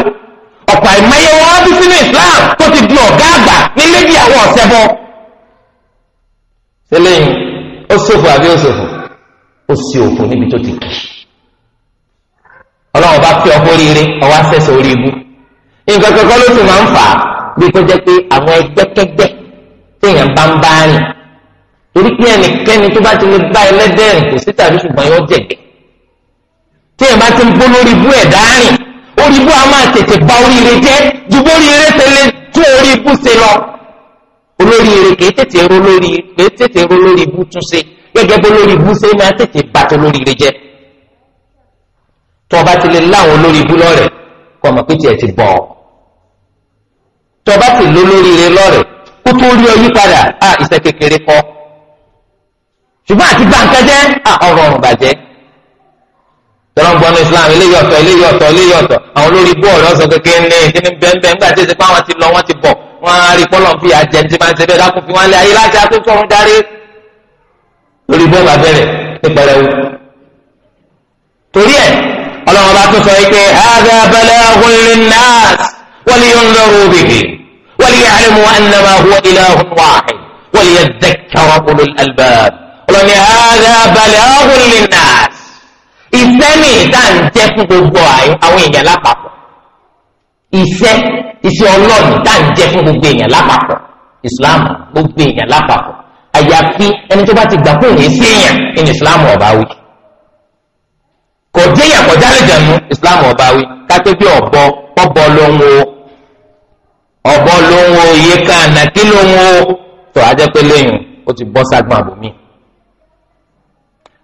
ọ̀pọ̀ àìmọye wọn bí sínú Islam tó ti di ọ̀gá àgbà ní méjì àwọn ọ̀sẹ̀ bọ́. sẹ́lẹ̀yìn ó ṣòfò àbí ó ṣòfò ó sì òfò níbi tó ti kì í. ọlọ́run bá fi ọkọ rere ọwọ́ àṣẹṣe orí ibu. nǹkan kankan ló sì máa ń fà á bí kò jẹ́ pé àwọn ẹgbẹ́kẹ́gbẹ́ téèyàn bá ń bá rìn. torí pé ẹnikẹ́ni tó bá ti lè bá ẹlẹ́dẹ̀rìn kò sí tàbí ṣùgbọ́n yóò jẹ̀gẹ̀. téèyàn bá ti ń bó ibú ẹ̀ dárìn orí ibú a máa tètè ba oríire jẹ́ ju bóríire tẹ́lẹ̀ tún orí ibú ṣe lọ olóríire kìí tètè ro lórí kìí tètè ro lórí ibú tún ṣe gẹ́gẹ́ bó lórí ibú ṣe máa tètè ba tó lóríire jẹ́ tó o bá ti lè láwọn olórí ibú lọ́rẹ̀ kó o mọ̀ pé tiẹ̀ ti bọ̀ ọ́ tó o bá ti lò lóríire lọ́rẹ̀ kó tó rí ọ yí padà á ah, iṣẹ́ kékeré kọ́ ṣùgbọ́n àti gbàǹkẹ́jẹ́ à ah, ọ̀rọ̀ ọ̀rùn bàjẹ́ tọ́lọ́ ń gbọ́ ní islam eléyìí ọ̀tọ̀ eléyìí ọ̀tọ̀ eléyìí ọ̀tọ̀ àwọn olórí bọ́ọ̀lù ọ̀sán kékeré ní ìdíni bẹ́ẹ̀nbẹ́ẹ́ nígbà tí èsì pé àwọn ti lọ wọ́n ti bọ̀ wọ́n á rí pọ́lọ̀ fi àjẹ́ ti máa ń ṣe bẹ́ẹ̀ lákùn fi wọ́n lé ayé láti akókò ọ̀run darí. lórí bọ́ọ̀lù abẹ́rẹ́ ní pẹrẹwu. torí ẹ̀ ọlọ́run bá tún sọ pé ìfẹ́ ní ìdá ń jẹ́ fún gbogbo àwọn èèyàn lápapọ̀ ìfẹ́ ìfẹ́ ọlọ́ọ̀ni ìdá ń jẹ́ fún gbogbo èèyàn lápapọ̀ ìsìláàmù gbogbo èèyàn lápapọ̀ àyàfi ẹni tó bá ti gbà kóhùn sí èèyàn ní ìsìláàmù ọba wí kò déyàn kọjá lè jẹun ìsìláàmù ọba wí kápẹ́ bí ọ̀bọ ọ̀bọ lóhùn o ọ̀bọ lóhùn o yíká nàkí lóhùn o tó a jẹ́ pé lẹ́yìn ó ti bọ́ ságbọ́n àbòmíì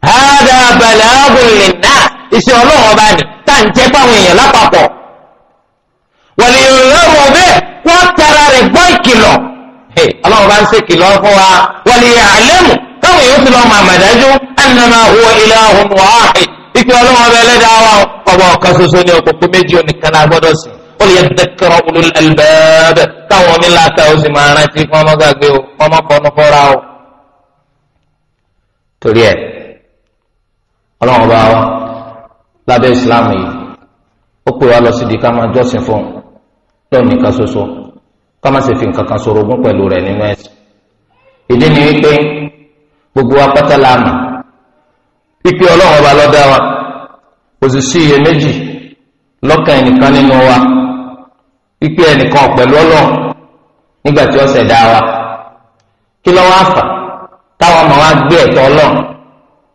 hada balaagun lina iṣẹ́ ọlọ́run ọba ni tá à ń jẹ́ báwọn èèyàn lápapọ̀ wọ̀lẹ̀ ìrọ̀lọ́rùn ọbẹ̀ wọ́n tara rẹ̀ gbọ́ ìkìlọ̀ ọlọ́run bá ń ṣe ìkìlọ̀ fún wa wọ̀lẹ̀ ìhàlẹ́mù káwọn èèyàn ti lọ mọ àmàdájú annama huwa ilahun wahid ìfẹ́ ọlọ́run ọba ẹlẹ́dàá wa ọba ọ̀kan ṣoṣo ní ọ̀pọ̀pọ̀ méjì oníkan náà gbọ́dọ̀ sí wọ́n yẹ dẹ́kẹ̀rọ ulul albab káwọn omi láta ó sì máa rántí fún ọmọ gàgbé o ọmọ kọ́nù fọ́ra o. torí ẹ̀ ọlọ́run bá wa lábẹ́ ìsìláàmù yìí ó pè wá lọ sí di ká máa jọ́sìn fún un lọ́ọ̀nì kan ṣoṣo ká má sì fi nǹkan kan sọ̀rọ̀ ogún pẹ̀lú rẹ̀ nínú ẹ̀sìn. ìdí ni wípé gbogbo apáta la mà pípé ọlọ́run bá lọ́dá wa kò sì sí iyèméjì lọ́kàn ẹnìkan nínú wa pípé ẹnìkan pẹ̀lú ọlọ́run nígbà tí ó ṣẹ̀dá wa kí ló wá táwọn ọmọ wa gbé ẹ̀tọ́ ọlọ́run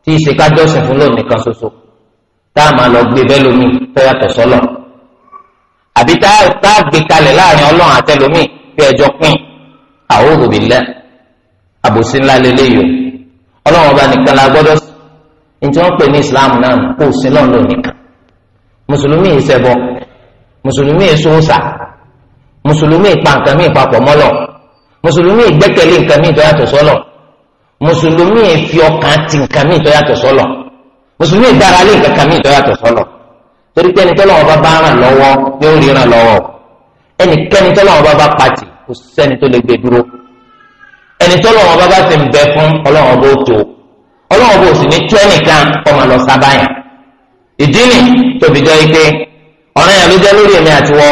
tí ìṣe ká jọ́sìn fún lónìí kan ṣoṣo tá a máa lọ gbé bẹ́ẹ̀ lómi tó yàtọ̀ sọ́lọ̀ àbí tá a gbé kalẹ̀ láàrin ọlọ́run àtẹlómi bí ẹjọ́ pín a'udhu billah àbòsí ńlá lélẹ́yìí o ọlọ́run ọba nìkan la gbọ́dọ̀ sí ní tí wọ́n pè ní Islam náà kó o sí lọ́nà nìkan mùsùlùmí ìṣẹ̀bọ mùsùlùmí ìṣòwòsà mùsùlùmí ìpa nǹkan mí ìpapọ̀ mọ́lọ̀ mùsùlùmí ìgbẹ́kẹ̀lé nǹkan mí ìtọ́yàtọ̀ sọ́lọ̀ mùsùlùmí ẹ fi ọkàn ti nǹkan míì tó yàtọ̀ sọ́lọ̀ mùsùlùmí ẹ dára lé nǹkan míì tó yàtọ̀ sọ́lọ̀ torí pé ẹni tọ́lọ́wọ́ bá bá ràn lọ́wọ́ ni ó ríran lọ́wọ́ ẹnikẹ́ni tọ́lọ́wọ́ bá bá pàtì kò sẹ́ni tó lè gbé dúró ẹni tọ́lọ́wọ́ bá bá ti ń bẹ fún ọlọ́wọ́ bó tó ọlọ́wọ́ bó sì ní tú ẹnìkan kọ́ máa lọ sábàyàn ìdí ni tóbi jọ ike ọ̀rẹ́ yẹn ló jẹ́ lórí èmi àti wọ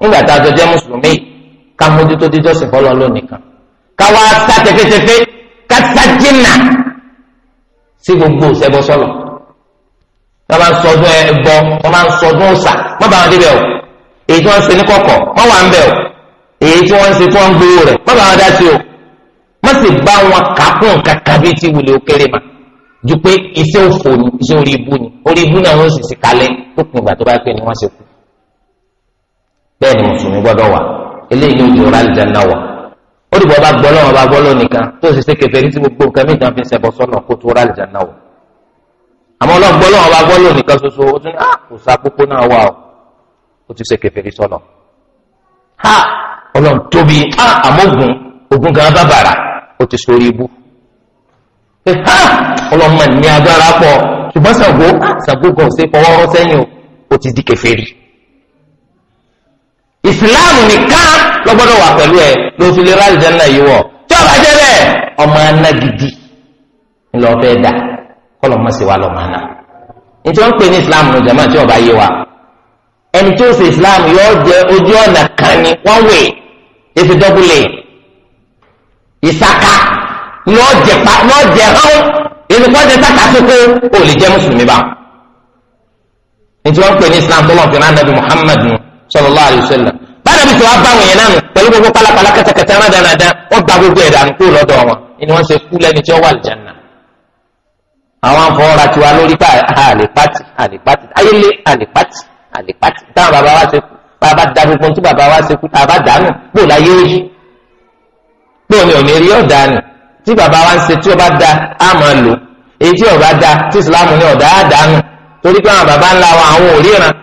nígbà tá a jọ jẹ́ mùsùlùmí ká mójútó dídọ́sìn fọlọ́ lónìí sájìnà sí gbogbo ìṣẹ́bọ sọ̀lọ̀ wọ́n máa ń sọdún ẹbọ wọ́n máa ń sọdún ọ̀sà wọ́n bá wọn débẹ̀ o èyí tí wọ́n ń ṣe ní kọ̀kọ̀ wọ́n wà ń bẹ̀ o èyí tí wọ́n ń ṣe tí wọ́n ń gbowó rẹ̀ wọ́n bá wọn dá sí o wọ́n sì bá wọn kàákùn kàkà bíi ti wùlé òkèrè mà ju pé iṣẹ́ òfò ni iṣẹ́ orí ibú ni orí ibú náà wọ́n sì sì kalẹ̀ tó kùn ìgbà tó bá pè ní wọ́n ṣe kú bẹ́ẹ̀ ni mùsùlùmí gbọ́dọ̀ wà eléyìí ni òjò rálì jẹ́ náà wà ó dìbò ọba gbọ́ lọ́wọ́ ọba gbọ́ lọ́wọ́ nìkan tó sì ṣe kẹfẹ́ ní ti gbogbo nǹkan mí ìtàn fi ń ṣẹbọ sọ́nà kó tó rà lìjà náà o àmọ́ ọlọ́gbọ́ lọ́wọ́ ọba gbọ́ lọ́wọ́ nìkan ṣoṣo ó tún ní ah, kò sá pópó náà wà o ó ti ṣe kẹfẹ́ ní sọ́nà ha ọlọ́run tóbi ha àmọ́gun ogun kan bá bàrà ó ti sórí ibú ha ọlọ́run mà ní agbára pọ̀ ṣùgbọ́n Ṣàngó ah, Ṣàngó gan ò sí fọwọ́rọ́ sẹ́yìn o ti di kẹfẹ́ rí Islam nìkan lọ́gbọ́dọ̀ wà pẹ̀lú ẹ ló fi lè ráàlì jẹ́nà yìí wọ̀ tí ọba jẹ́ bẹ́ẹ̀ ọmọ aná gidi ńlọ fẹ́ dà kọ́lọ̀ mọ́ sí wa lọ́mọ aná nítorí wọ́n pè ní ìsìláàmù ní jama tí ọba yé wa ẹni tó ṣe ìsìláàmù yọ jẹ ojú ọ̀nà kan ní one way èsì dọ́gbùlẹ̀ ìsaka ní ọ̀jẹ̀ pa ní ọ̀jẹ̀ hàn èsì kọ́jẹ̀ sáka sóko ò lè jẹ́ mùsùlùmí bá nítorí wọ́n pè ní ìsìláàmù tó lọ́ọ̀ Muhammad nù sallallahu alaihi wasallam báyọ̀ bí tí wàá bá àwọn èèyàn náà pẹ̀lú gbogbo pálapàla kẹtẹkẹtẹ rán dáadáa wọ́n gba gbogbo ẹ̀dá nù kúrò lọ́dọ̀ wọn ni wọ́n ṣe kú lẹ́ni tí wọ́n wà lìjànà. àwọn afọwọ́ra tiwa lórí pa àlèpàtì àlèpàtì ayélé àlèpàtì àlèpàtì táwọn bàbá wa ṣe kú bàbá da gbogbo tí bàbá wa ṣe kú bàbá dànù gbò láyé òyì gbò ní rí ọ̀dà nù tí bàbá wa ń ṣe tí ọba da á torí pé àwọn bàbá ńlá wa àwọn òríran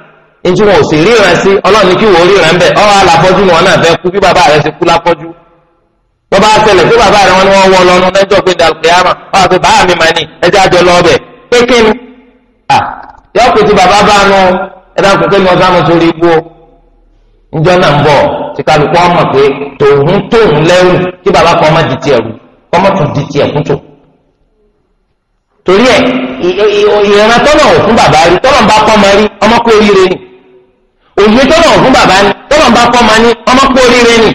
ntí wọn ò sì ríran sí ọlọ́run kí wọ́n ríran bẹ́ẹ̀ ọ̀rọ̀ aláfọ́jú ni wọn náà fẹ́ kú bí bàbá rẹ̀ ti kú láfọ́jú bàbá àtẹlẹ tí bàbá rẹ̀ wọn ni wọ́n wọ lọ́nu lẹ́jọ́ pé dàlùkìyàmà màní ẹjẹ́ àjọ lọ ọbẹ̀ bàbá bá nu ẹ̀dá sórí ibú náà ń bọ̀ tí kálukú pé tòun bàbá òye tọ́lọ̀ fún bàbá ni tọ́lọ̀ ń bá fọ́ ma ní ọmọ kú oríire ni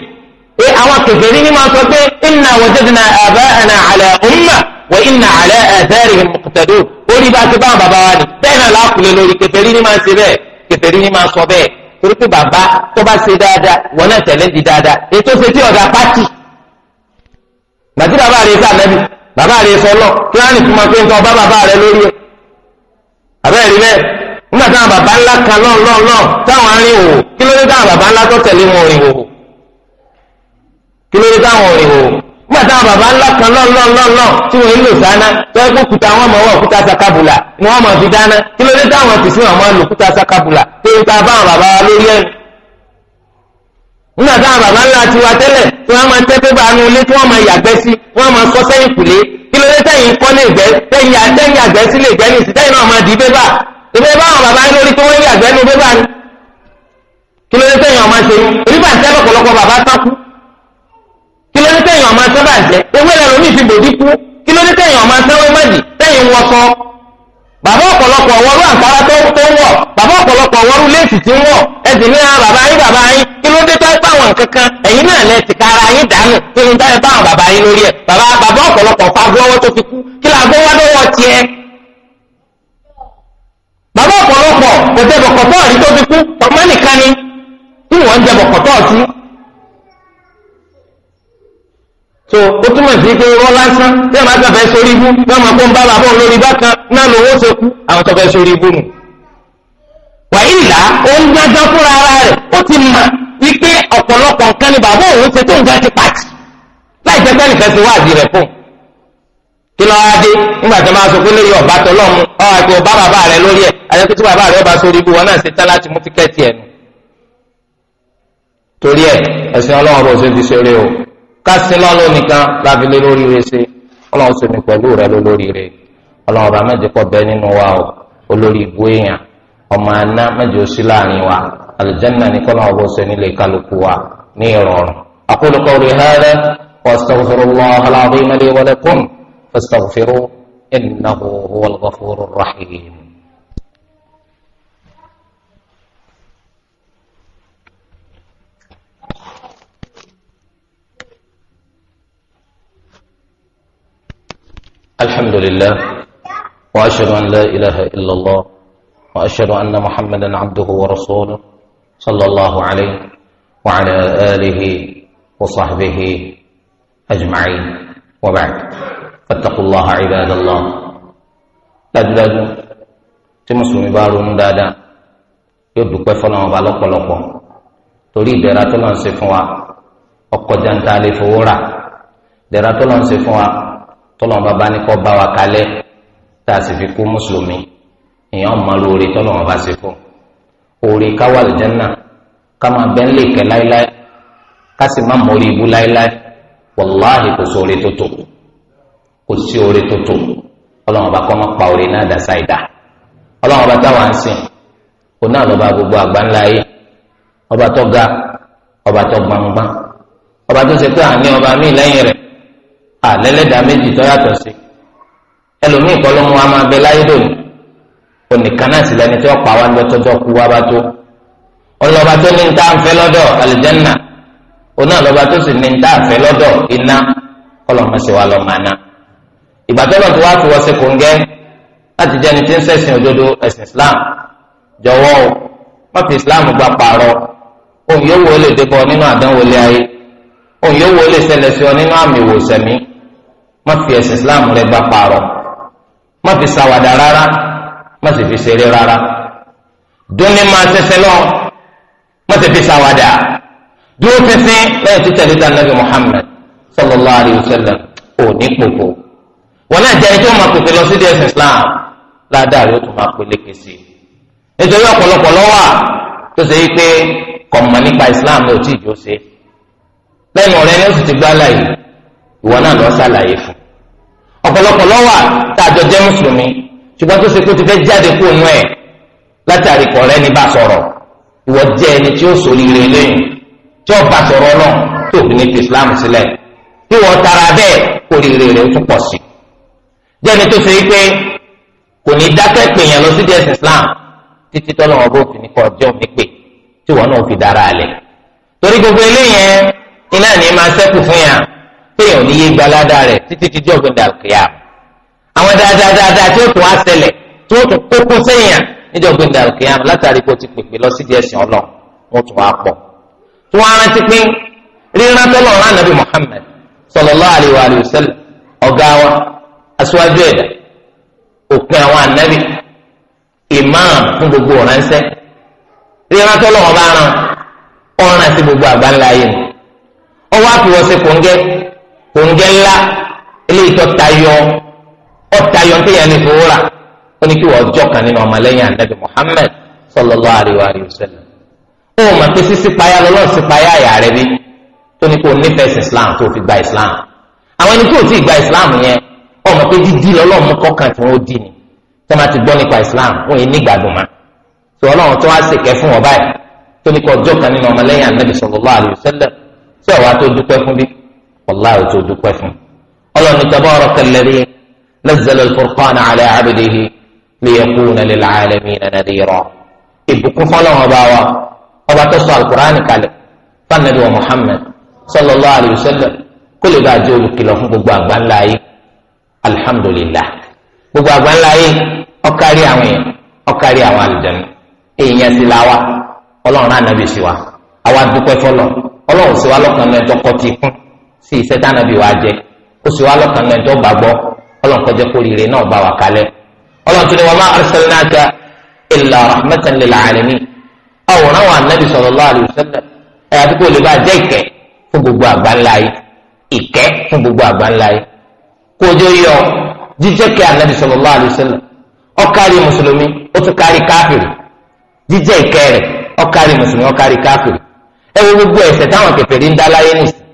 pé àwọn kèfèrí ni máa sọ pé inna wajadna aba'ana ala umma wa inna ala atharihim muqtadun orí bá ti bá wọn bàbá wa ni bẹ́ẹ̀ náà lákùlẹ̀ lórí kèfèrí ni máa ṣe bẹ́ẹ̀ kèfèrí ni máa sọ bẹ́ẹ̀ torí pé bàbá tó bá ṣe dáadáa wọn náà tẹ̀lé di dáadáa ètò ṣe ọ̀dà pátì gbàtí bàbá rẹ̀ sá nígbà táwọn baba ńlá kan lọ́n lọ́n lọ́n táwọn arìn òwò kí ló dé táwọn baba ńlá tó tẹ̀lé wọn rìn òwò kí ló dé táwọn rìn òwò nígbà táwọn baba ńlá kan lọ́n lọ́n lọ́n lọ́n tí wọ́n lò sáná tọ́jú pé kùtà wọn mọ̀ wọ́n kúta sakabula ni wọ́n mọ̀ fi dáná kí ló dé táwọn tìsí wọn mọ̀ lò sakabula pé n ta báwọn baba wa lórí ẹnu. nígbà táwọn baba ńlá ti wa tẹ́lẹ̀ tí wọ́n máa tẹ́ pépà nu ilé tí wọ́n máa yàgbẹ́ sí wọ́n máa kọ́ sẹ́yìn kùlé kí ló dé tẹ̀yìn kọ́ ìbẹ́ báwọn bàbá yín lórí tí wọ́n yí àgbẹ̀ ní bébà ni kí ló ní sẹ́yìn ọmọ ṣe ní onígbà tẹ́ lọ́pọ̀lọpọ̀ bàbá sáku kí ló ní sẹ́yìn ọmọ ṣe bàjẹ́ ewé lẹ́nu ní ìfibòdì kú kí ló ní sẹ́yìn ọmọ ṣe wé mẹ́jì sẹ́yìn wọṣọ bàbá ọ̀pọ̀lọpọ̀ wọrú àǹkárá tó ń wọ̀ bàbá ọ̀pọ̀lọpọ̀ wọrú léèsì tí ń wọ̀ ẹ̀sìn ní àwọn bàbá yín bàbá yín kí ló dé táyé báwọn kankan ẹ̀yin náà lẹ ti kára yín dànù kí ló ń táyé báwọn bàbá yín lórí ẹ̀ bàbá bàbá ọ̀pọ̀lọpọ̀ fagbọ́wọ́ tó fi kú kí làgbọ́wọ́ lọ́wọ́ tiẹ̀ ọ̀pọ̀ kò jẹ́ bọ̀kọ̀tọ̀ rí tó ti kú ọmọ nìkan ni tí wọ́n ń jẹ bọ̀kọ̀tọ̀ sí. so ó túmọ̀ sí pé irọ́ lásán bí ẹ̀ máa gbà fẹ́ sórí ibú bí ọmọ kó ń bá bàbá òun lórí bákan náà lówó ṣe kú àwọn tó fẹ́ sórí ibú nù. ó ń fúnra ara rẹ̀ ó ti mọ̀ wípé ọ̀pọ̀lọpọ̀ nǹkan ni bàbá òun ṣe tó ń gbá pàtì láì jẹ́ pẹ́ nìkan ti àyẹ̀kú tí bàbá rẹ̀ bá sórí ibú wọn náà ṣe tán láti mú tíkẹ́ẹ̀tì ẹ̀ nù. torí ẹ ẹ̀sìn ọlọ́run bó ṣe fi ṣeré o kásìn lọ́lọ́ nìkan láfi lé lórí rẹ ṣe ọlọ́run ṣe mi pẹ̀lú rẹ lórí rẹ ọlọ́run bá mẹ́jẹ kọ́ bẹ nínú wa o olórí ibú èèyàn ọmọ aná mẹ́jẹ ó sí láàrin wa àlùjànnà ní kọ́lọ́run bó ṣe nílé kálukú wa ní ìrọ̀rùn. لله وأشهد أن لا إله إلا الله وأشهد أن محمدا عبده ورسوله صلى الله عليه وعلى آله وصحبه أجمعين وبعد فاتقوا الله عباد الله لدلد تمسوا مبارون دادا yóò dúpẹ́ fọlọ́n ọba تريد torí ìdẹ́ra tó lọ́n ṣe fún wa tọ́lọ́wọ́n bàbá ní kọ́ bá wa kalẹ̀ tá a sì fi kú mùsùlùmí èèyàn mọ lóore tọ́lọ́wọ́n bá sì kú òòrè káwá àlùjẹ́nà ká máa bẹ́ ń lè kẹ́ láéláé ká sì má mórí ibú láéláé wàláhì kò sí oore tó tó kò sí oore tó tó ọlọ́wọ́n bá kọ́ máa pa oore náà dá sáìdá ọlọ́wọ́n bá táwa ń sìn òun náà lọ́ba gbogbo àgbáńlá yìí ọba tó ga ọba tó gbangba ọba tó ṣe pé àní ọba míì lẹ́yìn rẹ̀ àlẹ́lẹ́dàá méjì tó yàtọ̀ sí ẹlòmíì kọ́ ló mú wa máa bẹ láyé dòní onìkan náà sì lẹni tí wọ́n pa wá lọ́tọ́jọ́ kú wá bá tó ọlọ́ba tó ní ta ń fẹ́ lọ́dọ̀ àlìjẹ́nà oná lọ́ba tó sì ní ta ń fẹ́ lọ́dọ̀ iná kọ́lọ́mọ sí wa lọ́ máa ná ìgbà tó lọ́n tó wá fi wọ́n sí kòńgẹ́ láti jẹ́ni tí ń ṣẹ̀sìn òdodo ẹ̀sìn Islam jọ̀wọ́ o fi Islam gba pààrọ̀ òun yóò wọlé débọ̀ nínú àdánwò ilé ayé òun yóò wọlé ṣẹlẹ̀ sí ọ nínú àmì ìwòsàn mi má fi ẹ̀sìn islam rẹ bá parọ́ má fi ṣàwàdà rárá má sì fi ṣeré rárá dúnni máa ṣẹṣẹ lọ má sì fi ṣàwàdà dúró ṣẹṣẹ lẹ́yìn tí tẹ̀lé nàbì muhammed sallallahu alayhi wa sallam ò ní kpòkò wọn náà jẹ́ ẹjọ́ máa pèpè lọ sí di ẹ̀sìn islam ládàá yóò tún máa peléke sí i nítorí ọ̀pọ̀lọpọ̀ lọ́wọ́ tó ṣe yí pé kọ̀mọ̀ nípa islam ló ti jọ ṣe lẹ́nu ọ̀rẹ́ ni ó sì ti gbá láyé ìwọ náà lọ ṣàlàyé fún ọ̀pọ̀lọpọ̀ lọ́wọ́ tààjọ jẹ́ mùsùlùmí ṣùgbọ́n tó ṣe kó ti fẹ́ jáde kó nú ẹ̀ látàrí kọ̀ọ̀rẹ́ ní bá sọ̀rọ̀ ìwọ jẹ́ ẹni tí ó sòríire lẹ́yìn tí ó bá sọ̀rọ̀ náà tó fi ní fi Islam sílẹ̀ tí wọ́n tara bẹ́ẹ̀ kó rire rẹ̀ tún pọ̀ sí. jẹ́ ẹni tó ṣe pé kò ní dákẹ́ pèèyàn lọ sí díẹ̀ Islam títí tọ́lọ́ wọn fi ní kọ́ ọjọ́ nípè tí wọ́n náà fi dára alẹ̀ torí gbogbo eléyẹn iná ní máa ṣẹ́kù fún yàn péyàn ní yé gbalada rẹ̀ títí ti jọ́ gbẹ̀dà àwọn tí ó tún á tí ó tún kókó lọ ẹ̀sìn wọn tún á pọ̀ tí rántí pé ríran Muhammad ọ̀gá wa aṣáájú ẹ̀dá òpin àwọn ànábì fún gbogbo ríran ọ̀ràn gbogbo àgbáńlá yìí ọwọ́ kò ń gẹ́ òǹgẹ́ ńlá eléyìí tó tayọ ọ̀tayọ tó yẹn lè fowó rà ó ní kí wọ́n jọ kan nínú ọmọlẹ́yìn anabi Muhammad sallallahu alayhi wa alayhi wa sallam ó mà pé sísí payá lọ́lọ́ sí payá àyà rẹ bí tó ní kó nífẹ̀ẹ́ sí Islam tó fi gba Islam àwọn ẹni tó ti gba Islam yẹn ó mà pé dídí lọ́lọ́ mú kọ́kàn tí wọ́n dì ní tó máa ti gbọ́ nípa Islam wọ́n yẹn nígbàdùn ma tó ọlọ́run tó wá ṣèkẹ́ fún wọn báyìí tó ní kó jọ kan nínú ọmọlẹ́yìn anabi sallallahu alayhi wa tó ẹ̀ wàláyé o tó dúpẹ́ fún ọlọ́run tabaraka alladhi nazzala al-furqana ala abdihi liyakuna lil'alamina nadhira ìbùkún fọlọ́wọ́n bá wa ọba tó sọ alukur'ani kalẹ̀ fanabi wa muhammad sallallahu alayhi wa sallam kó lè bá a jẹ́ olùkìlọ̀ fún gbogbo àgbáńlá yìí alhamdulillah gbogbo àgbáńlá yìí ọkàrí àwọn èèyàn ọkàrí àwọn àlùjànnú èèyàn sì la wa ọlọ́run ànábì sí wa àwa dúpẹ́ fọlọ́ ọlọ́run sì wa lọ́kàn náà ẹjọ́ kọ́ ti kún sí iṣẹ́ tí ànábì wa jẹ ó sì wá lọ́kàn náà tó gbàgbọ́ ọlọ́run kó jẹ́ kó rire náà bá wà kalẹ̀ ọlọ́run tó ní wa ma arsalnaka illa rahmatan lil alamin àwòrán wa ànábì sallallahu alaihi wasallam ẹ̀ àti kó lè bá jẹ́ ìkẹ́ fún gbogbo àgbáńlá yìí ìkẹ́ fún gbogbo àgbáńlá yìí kó jẹ́ yọ jíjẹ́ kí ànábì sallallahu alaihi wasallam ó kárí mùsùlùmí ó tún kárí káfìrì jíjẹ́ ìkẹ́ rẹ̀ ó kárí mùsùlùmí ó kárí káfìrì ẹ wo gbogbo ẹ̀ṣẹ̀ táwọn kèfèrí dá láyé nìsí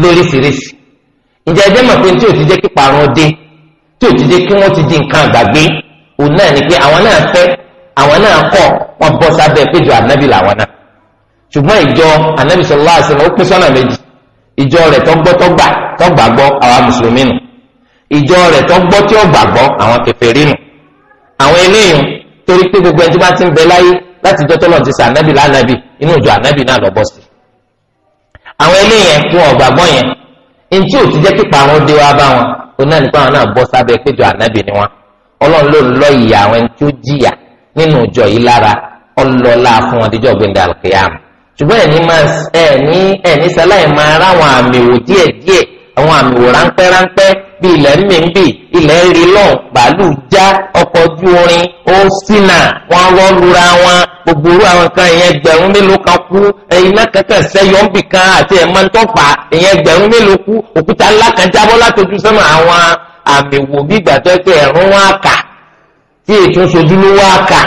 lóríṣiríṣi ìjà ẹjẹ mọ̀ pé tí ò ti jẹ́ kí parun dé tí ò ti jẹ́ kí wọ́n ti di nǹkan àgbàgbé òun náà ni pé àwọn náà fẹ́ àwọn náà kọ̀ wọ́n bọ́ sábẹ́ péjọ ànábì làwọn náà ṣùgbọ́n ìjọ ànábì sallallahu alaihi wasallam ó pín sọ́nà méjì ìjọ rẹ̀ tó gbọ́ tó gbà tó gbàgbọ́ àwọn mùsùlùmí nù ìjọ rẹ̀ tó gbọ́ tí ó gbàgbọ́ àwọn kèfèrí nù àwọn eléyìí torí pé gbogbo ẹni tó bá ti ń bẹ láyé láti jọ́ tọ́lọ́ ti sànábì lánàbì inú ìjọ ànábì náà lọ bọ́ sí àwọn eléyẹn wọn ò gbàgbọ́ yẹn ntí ò ti jẹ́ pípa àwọn dé wá bá wọn oná nípa àwọn náà bọ́ sábẹ́ péjọ ànábì ni wọn ọlọ́run ló ń lọ ìyà àwọn ẹni tó jìyà nínú ìjọ yìí lára ọlọ́lá fún wọn díjọ́ gbẹ̀ndẹ̀ àlùkìyàmù ṣùgbọ́n ẹ̀ní máa ẹ̀ní ẹ̀ní sáláì máa ráwọn àmì wò díẹ̀díẹ̀ àwọn àmì wò ráńpẹ́ ráńpẹ́ bí ilẹ̀ ń mì ń bì ilẹ̀ ń rí lọ́n bàálù já ọkọ̀ ojú orin ó ṣìnà wọn rọ́lura wọn gbogbo orú àwọn kan ìyẹn mélòó kan kú ẹ̀yin náà kẹ̀kẹ́ kan àti ẹ̀ máa ń tọ́fà ìyẹn ẹgbẹ̀rún mélòó kú òkúta ńlá kan jábọ́ látọjú sọ́nà àwọn àmì wò bí ìgbà tó ṣe ẹ̀rún wọn àkà tí ètò ló àkà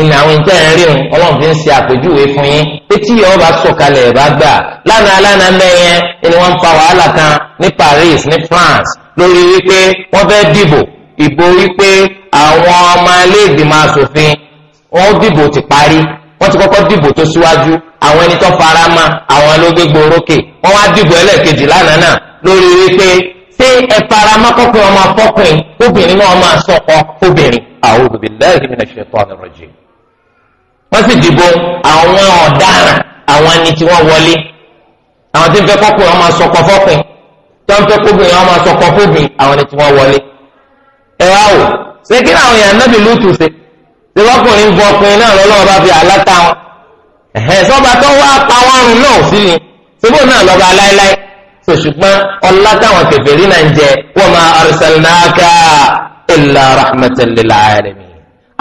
ìnà àwọn fi ń ṣe àpèjúwe fún yín sọ̀kalẹ̀ ẹ̀ bá gbà lánàá lánàá mẹ́yẹn ni wọ́n kan ní Paris ní France lórí wípé wọ́n fẹ́ dìbò ìbò wípé àwọn ọmọ ẹlẹ́gbẹ̀mọ asòfin wọ́n dìbò ti parí wọ́n ti kọ́kọ́ dìbò tó síwájú àwọn ẹni tó fara mọ́ àwọn ló gbégbó orókè wọ́n wá dìbò ẹlẹ́ẹ̀kejì lánàá náà lórí wípé ṣé ẹ fara mọ́ kọ́kọ́ ọmọ afọ́kùnrin obìnrin náà máa sọ̀kọ obìnrin. a'udhu billahi minash shaitani rajim. wọ́n sì dìbò àwọn ọ̀daràn àwọn ẹni tí wọ́n wọlé àwọn tí ń fẹ́ kọ́kùnrin ọmọ sọ̀kọ fọ́kùnrin tọ́ńfẹ́ kóbìnrin wọn máa sọkọ fóbìnrin àwọn ni tí wọ́n wọlé. ẹ wá wò ṣé kí làwọn èèyàn náà bí lùtù ṣe ṣé wọ́kùnrin gun ọkùnrin náà lọ́lọ́wọ́ bá fi àlátà wọn. ẹ̀hẹ́ sọ́ba tó wá pa wọn rùn náà sí ni síbò náà lọ́ba láéláé tó ṣùgbọ́n ọlá táwọn kèfèrí náà ń jẹ wa ma arsalnaka illa rahmatan lil alamin.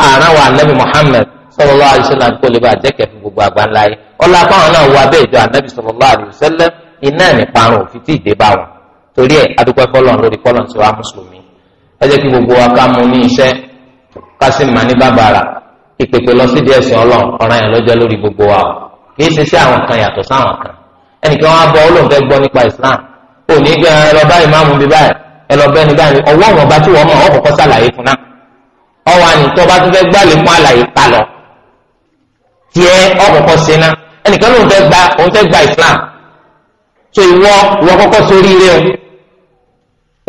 àrùn wa nabi Muhammad sallallahu alaihi wasallam kó lè bá torí ẹ̀ adúpẹ́ fọlọ́n lórí fọlọ́n tí wàá mùsùlùmí ẹ jẹ́ kí gbogbo wa ká mú ní iṣẹ́ ká sì má ní bàbàrà ìpèpè lọ sí díẹ̀ sìn ọlọ́run ọ̀ràn yẹn lọ́jọ́ lórí gbogbo wa o kì í ṣe sí àwọn kan yàtọ̀ sáwọn kan ẹnìkan wọn á bọ olóńfẹ́ gbọ́ nípa Islam ò ní gbẹ ẹ lọ bá ìmáàmù bíi báyìí ẹ lọ bẹ́ẹ̀ ni báyìí ọwọ́ àwọn ọba tí wọ́n mọ̀ ọ́ kọ́kọ́ sàlàyé fún náà ọwọ́ àni tó bá tún fẹ́ gbá lè fún àlàyé pa lọ tiẹ̀ ọ́ kọ́kọ́ sí náà ẹnìkan lóun fẹ́ gba òun fẹ́ gba Islam tó ìwọ ìwọ kọ́kọ́ sórí rẹ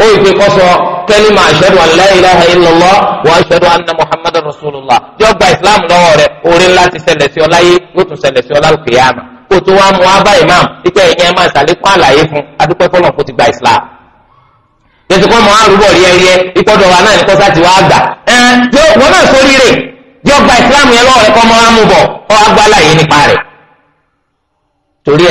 ó ìpè kọ́sọ kẹ́lí ma ashhadu an la ilaha illallah wa ashhadu anna muhammadur rasulullah yóò gba islam lọ́wọ́ rẹ̀ orí ńlá ti ṣẹlẹ̀ sí ọ láyé yóò tún ṣẹlẹ̀ sí ọ lálùkìyàmà kó tó wá mú abá imam ipe ẹ̀yìn ẹ̀ máa ṣàlékún àlàyé fún adúpẹ́ fọlọ́n kó ti gba islam yẹtù kọ́ mọ àrùbọ̀ rí ẹrí ẹ ìkọ́dọ̀ wa náà ní kọ́sá ti wá gbà ẹ yóò wọ́n náà sórí rẹ̀ yóò gba islam yẹn lọ́wọ́ rẹ̀ kọ́ mọ́ àmúbọ̀ ọ́ agbáláyé nípa rẹ̀ torí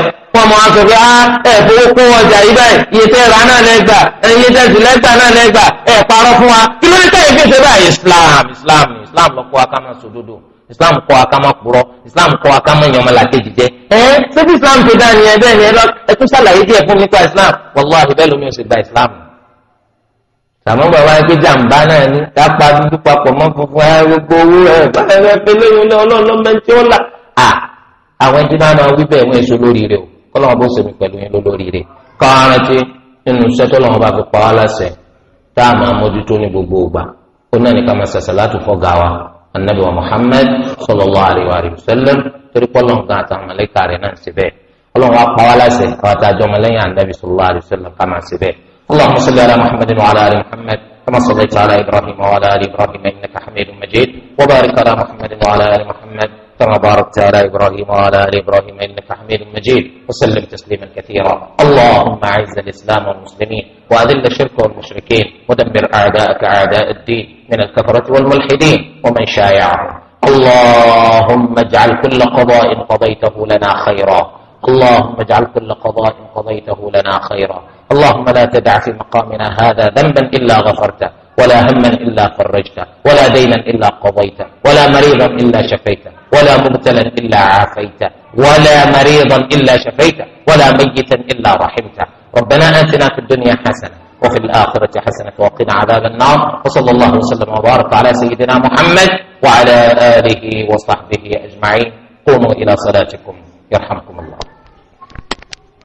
ẹ wọn mọ aṣọ pé ah, ẹ fowó kó ọjà yìí báyìí iye tẹ ra náà lẹgbà iye tẹ sì lẹgbà náà lẹgbà ẹ parọ́ fún wa kí ló ní káyọ̀ fi ṣe báyìí islam islam islam ló kọ́ aká máa sòdodo islam kọ́ aká máa purọ́ islam kọ́ aká máa yan ọmọlàkejì jẹ ẹ ṣébí islam ti dá ni ẹ bẹ́ẹ̀ ni ẹ tún ṣàlàyé díẹ̀ fún nípa islam wàláhi bẹ́ẹ̀ lómi ò sì gba islam sàmọ́ bàbá yẹn pé jàǹbá náà ni dápá dúdú papọ̀ mọ́ funfun ẹ gbogbo owó ẹ bá ẹ fẹ́ lóyún lọ́lọ́lọ́mẹ́ntì ọ̀la à àwọn ẹni tí bá máa wí bẹ́ẹ̀ wọ́n èso lórí rẹ o kọ́lọ́wọ́n bó sèmi pẹ̀lú yín lólórí rẹ̀ ká rántí nínú iṣẹ́ tọ́lọ́wọ́n bá fi pa wá láṣẹ tá a máa mójútó ní gbogbo ìgbà ó náà ní ká máa sàṣàlátù fọ́gà wa anabi wa muhammed sallallahu alayhi wa sallam torí kọ́lọ́wọ́n kan àtàwọn mọ̀lẹ́kà rẹ̀ náà ṣe bẹ́ẹ̀ ọlọ́run wa pa wá láṣẹ àwọn àtàjọ mọ̀lẹ́yìn anabi sallallahu كما صليت على ابراهيم وعلى ال ابراهيم انك حميد مجيد وبارك على محمد وعلى ال محمد كما باركت على إبراهيم وعلى آل إبراهيم إنك حميد مجيد وسلم تسليما كثيرا اللهم أعز الإسلام والمسلمين وأذل الشرك والمشركين ودمر أعداءك أعداء الدين من الكفرة والملحدين ومن شايعهم اللهم اجعل كل قضاء قضيته لنا خيرا اللهم اجعل كل قضاء قضيته لنا خيرا اللهم لا تدع في مقامنا هذا ذنبا إلا غفرته ولا هما إلا فرجته ولا دينا إلا قضيته ولا مريضا إلا شفيته ولا مبتلا إلا عافيته ولا مريضا إلا شفيته ولا ميتا إلا رحمته ربنا آتنا في الدنيا حسنة وفي الآخرة حسنة وقنا عذاب النار وصلى الله وسلم وبارك على سيدنا محمد وعلى آله وصحبه أجمعين قوموا إلى صلاتكم يرحمكم الله